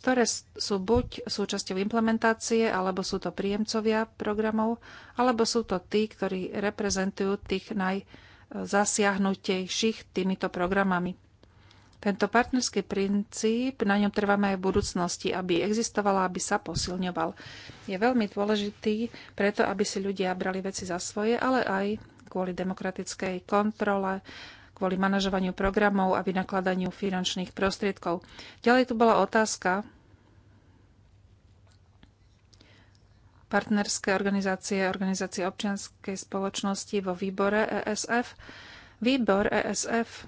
ktoré sú buď súčasťou implementácie, alebo sú to príjemcovia programov, alebo sú to tí, ktorí reprezentujú tých najzasiahnutejších týmito programami. Tento partnerský princíp, na ňom trváme aj v budúcnosti, aby existovala, aby sa posilňoval. Je veľmi dôležitý preto, aby si ľudia brali veci za svoje, ale aj kvôli demokratickej kontrole, kvôli manažovaniu programov a vynakladaniu finančných prostriedkov. Ďalej tu bola otázka partnerské organizácie, organizácie občianskej spoločnosti vo výbore ESF. Výbor ESF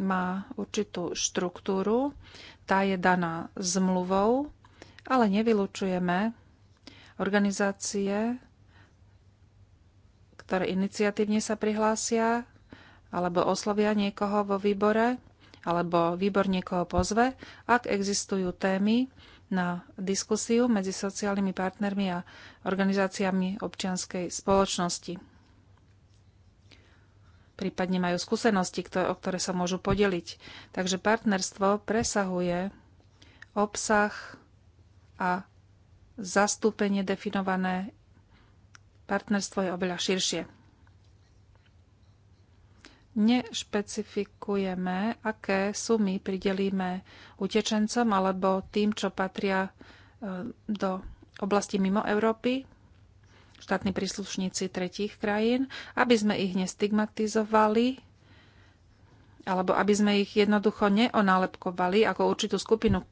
má určitú štruktúru, tá je daná zmluvou, ale nevylučujeme organizácie, ktoré iniciatívne sa prihlásia alebo oslovia niekoho vo výbore alebo výbor niekoho pozve, ak existujú témy na diskusiu medzi sociálnymi partnermi a organizáciami občianskej spoločnosti prípadne majú skúsenosti, o ktoré sa môžu podeliť. Takže partnerstvo presahuje obsah a zastúpenie definované. Partnerstvo je oveľa širšie. Nešpecifikujeme, aké sumy pridelíme utečencom alebo tým, čo patria e, do oblasti mimo Európy štátni príslušníci tretích krajín, aby sme ich nestigmatizovali alebo aby sme ich jednoducho neonálepkovali ako určitú skupinu,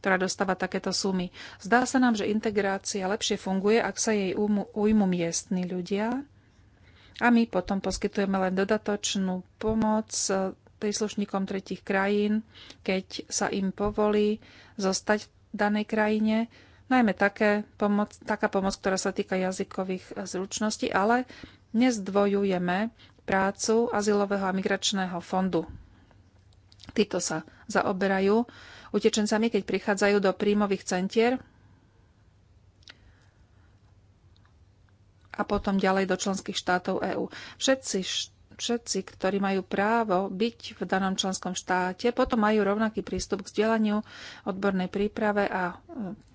ktorá dostáva takéto sumy. Zdá sa nám, že integrácia lepšie funguje, ak sa jej ujmu, ujmu miestni ľudia a my potom poskytujeme len dodatočnú pomoc e, príslušníkom tretich krajín, keď sa im povolí zostať v danej krajine najmä také pomoc, taká pomoc, ktorá sa týka jazykových eh, zručností, ale nezdvojujeme prácu Azylového a migračného fondu. Títo sa zaoberajú utečencami, keď prichádzajú do príjmových centier a potom ďalej do členských štátov EÚ. Všetci št- všetci, ktorí majú právo byť v danom členskom štáte, potom majú rovnaký prístup k vzdelaniu, odbornej príprave a e,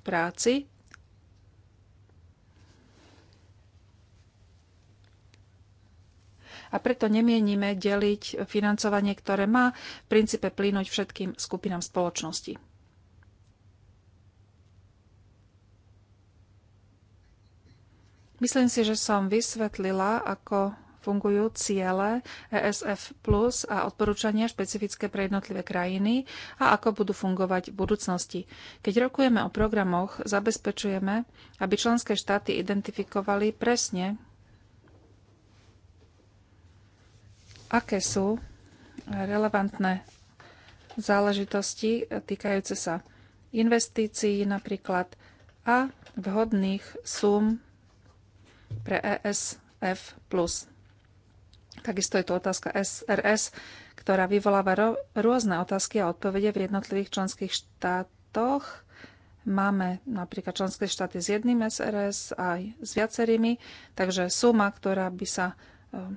práci. A preto nemienime deliť financovanie, ktoré má v princípe plínuť všetkým skupinám spoločnosti. Myslím si, že som vysvetlila, ako fungujú ciele ESF plus a odporúčania špecifické pre jednotlivé krajiny a ako budú fungovať v budúcnosti. Keď rokujeme o programoch, zabezpečujeme, aby členské štáty identifikovali presne, aké sú relevantné záležitosti týkajúce sa investícií napríklad a vhodných súm pre ESF+. Takisto je tu otázka SRS, ktorá vyvoláva rôzne otázky a odpovede v jednotlivých členských štátoch. Máme napríklad členské štáty s jedným SRS aj s viacerými, takže suma, ktorá by sa um,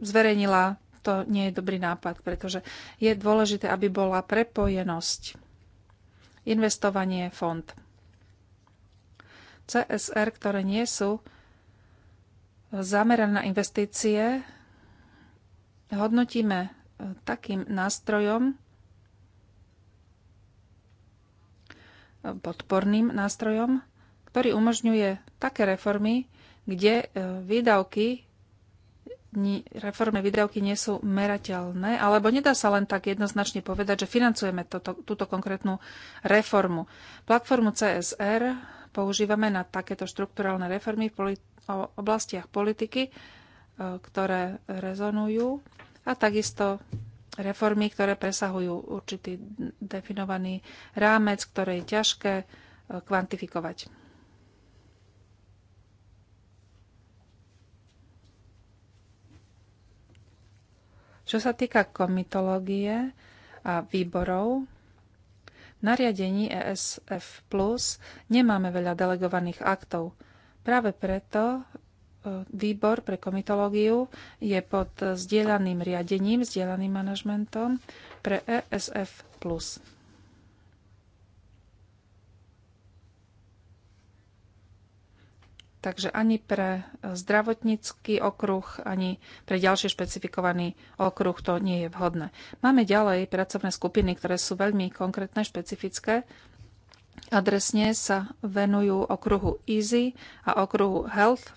zverejnila, to nie je dobrý nápad, pretože je dôležité, aby bola prepojenosť. Investovanie fond. CSR, ktoré nie sú zamerané na investície, hodnotíme e, takým nástrojom, e, podporným nástrojom, ktorý umožňuje také reformy, kde e, výdavky, reformné výdavky nie sú merateľné, alebo nedá sa len tak jednoznačne povedať, že financujeme toto, túto konkrétnu reformu. Platformu CSR používame na takéto štrukturálne reformy v oblastiach politiky, E, ktoré rezonujú a takisto reformy, ktoré presahujú určitý definovaný rámec, ktoré je ťažké e, kvantifikovať. Čo sa týka komitológie a výborov, v nariadení ESF Plus nemáme veľa delegovaných aktov. Práve preto výbor pre komitológiu je pod zdieľaným riadením, zdieľaným manažmentom pre ESF+. Takže ani pre zdravotnícky okruh, ani pre ďalšie špecifikovaný okruh to nie je vhodné. Máme ďalej pracovné skupiny, ktoré sú veľmi konkrétne, špecifické. Adresne sa venujú okruhu EASY a okruhu Health,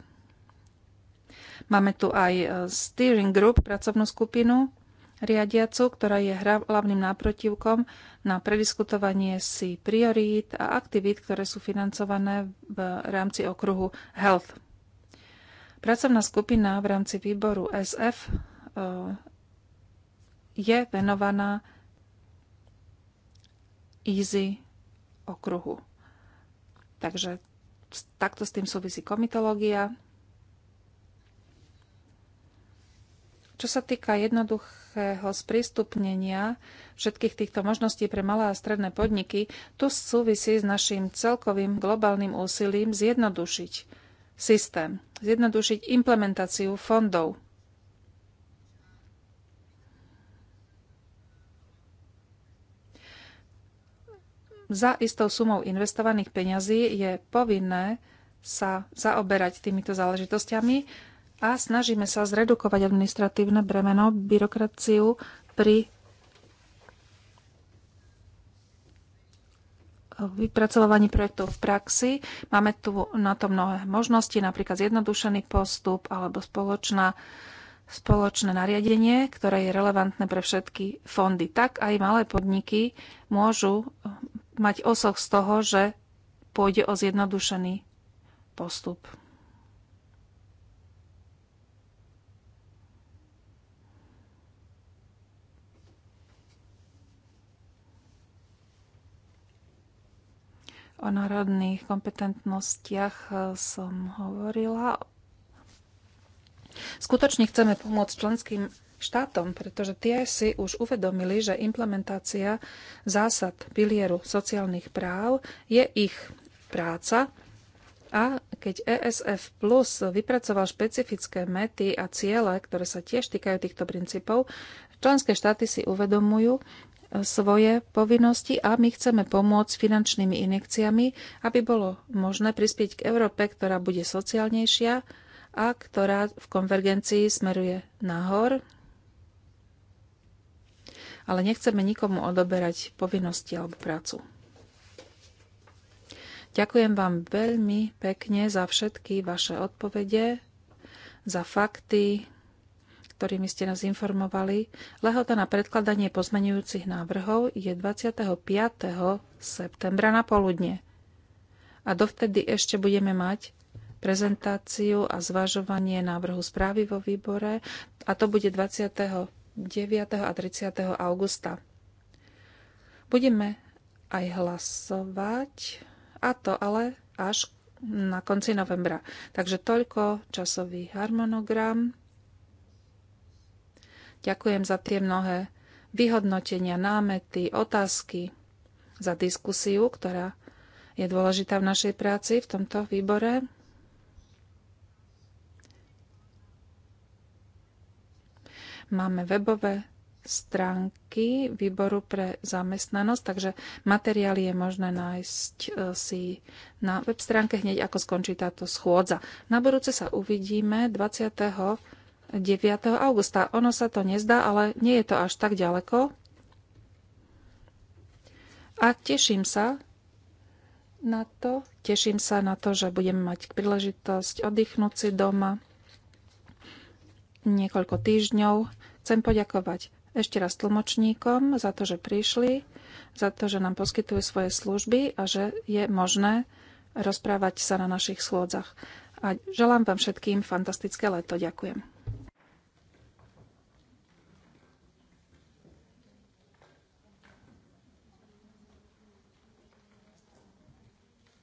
Máme tu aj e, Steering Group, pracovnú skupinu riadiacu, ktorá je hlavným náprotivkom na prediskutovanie si priorít a aktivít, ktoré sú financované v rámci okruhu Health. Pracovná skupina v rámci výboru SF e, je venovaná easy okruhu. Takže takto s tým súvisí komitológia, Čo sa týka jednoduchého sprístupnenia všetkých týchto možností pre malé a stredné podniky, to súvisí s našim celkovým globálnym úsilím zjednodušiť systém, zjednodušiť implementáciu fondov. Za istou sumou investovaných peňazí je povinné sa zaoberať týmito záležitostiami a snažíme sa zredukovať administratívne bremeno, byrokraciu pri vypracovaní projektov v praxi. Máme tu na to mnohé možnosti, napríklad zjednodušený postup alebo spoločná, spoločné nariadenie, ktoré je relevantné pre všetky fondy. Tak aj malé podniky môžu mať osoch z toho, že pôjde o zjednodušený postup. O národných kompetentnostiach e, som hovorila. Skutočne chceme pomôcť členským štátom, pretože tie si už uvedomili, že implementácia zásad pilieru sociálnych práv je ich práca a keď ESF Plus vypracoval špecifické mety a ciele, ktoré sa tiež týkajú týchto princípov, členské štáty si uvedomujú, svoje povinnosti a my chceme pomôcť finančnými inekciami, aby bolo možné prispieť k Európe, ktorá bude sociálnejšia a ktorá v konvergencii smeruje nahor. Ale nechceme nikomu odoberať povinnosti alebo prácu. Ďakujem vám veľmi pekne za všetky vaše odpovede, za fakty, ktorými ste nás informovali. Lehota na predkladanie pozmenujúcich návrhov je 25. septembra na poludne. A dovtedy ešte budeme mať prezentáciu a zvažovanie návrhu správy vo výbore a to bude 29. a 30. augusta. Budeme aj hlasovať a to ale až na konci novembra. Takže toľko časový harmonogram. Ďakujem za tie mnohé vyhodnotenia, námety, otázky, za diskusiu, ktorá je dôležitá v našej práci v tomto výbore. Máme webové stránky výboru pre zamestnanosť, takže materiály je možné nájsť e, si na web stránke hneď, ako skončí táto schôdza. Na budúce sa uvidíme 20. 9. augusta. Ono sa to nezdá, ale nie je to až tak ďaleko. A teším sa na to. Teším sa na to, že budem mať príležitosť oddychnúť si doma niekoľko týždňov. Chcem poďakovať ešte raz tlmočníkom za to, že prišli, za to, že nám poskytujú svoje služby a že je možné rozprávať sa na našich schôdzach. A želám vám všetkým fantastické leto. Ďakujem.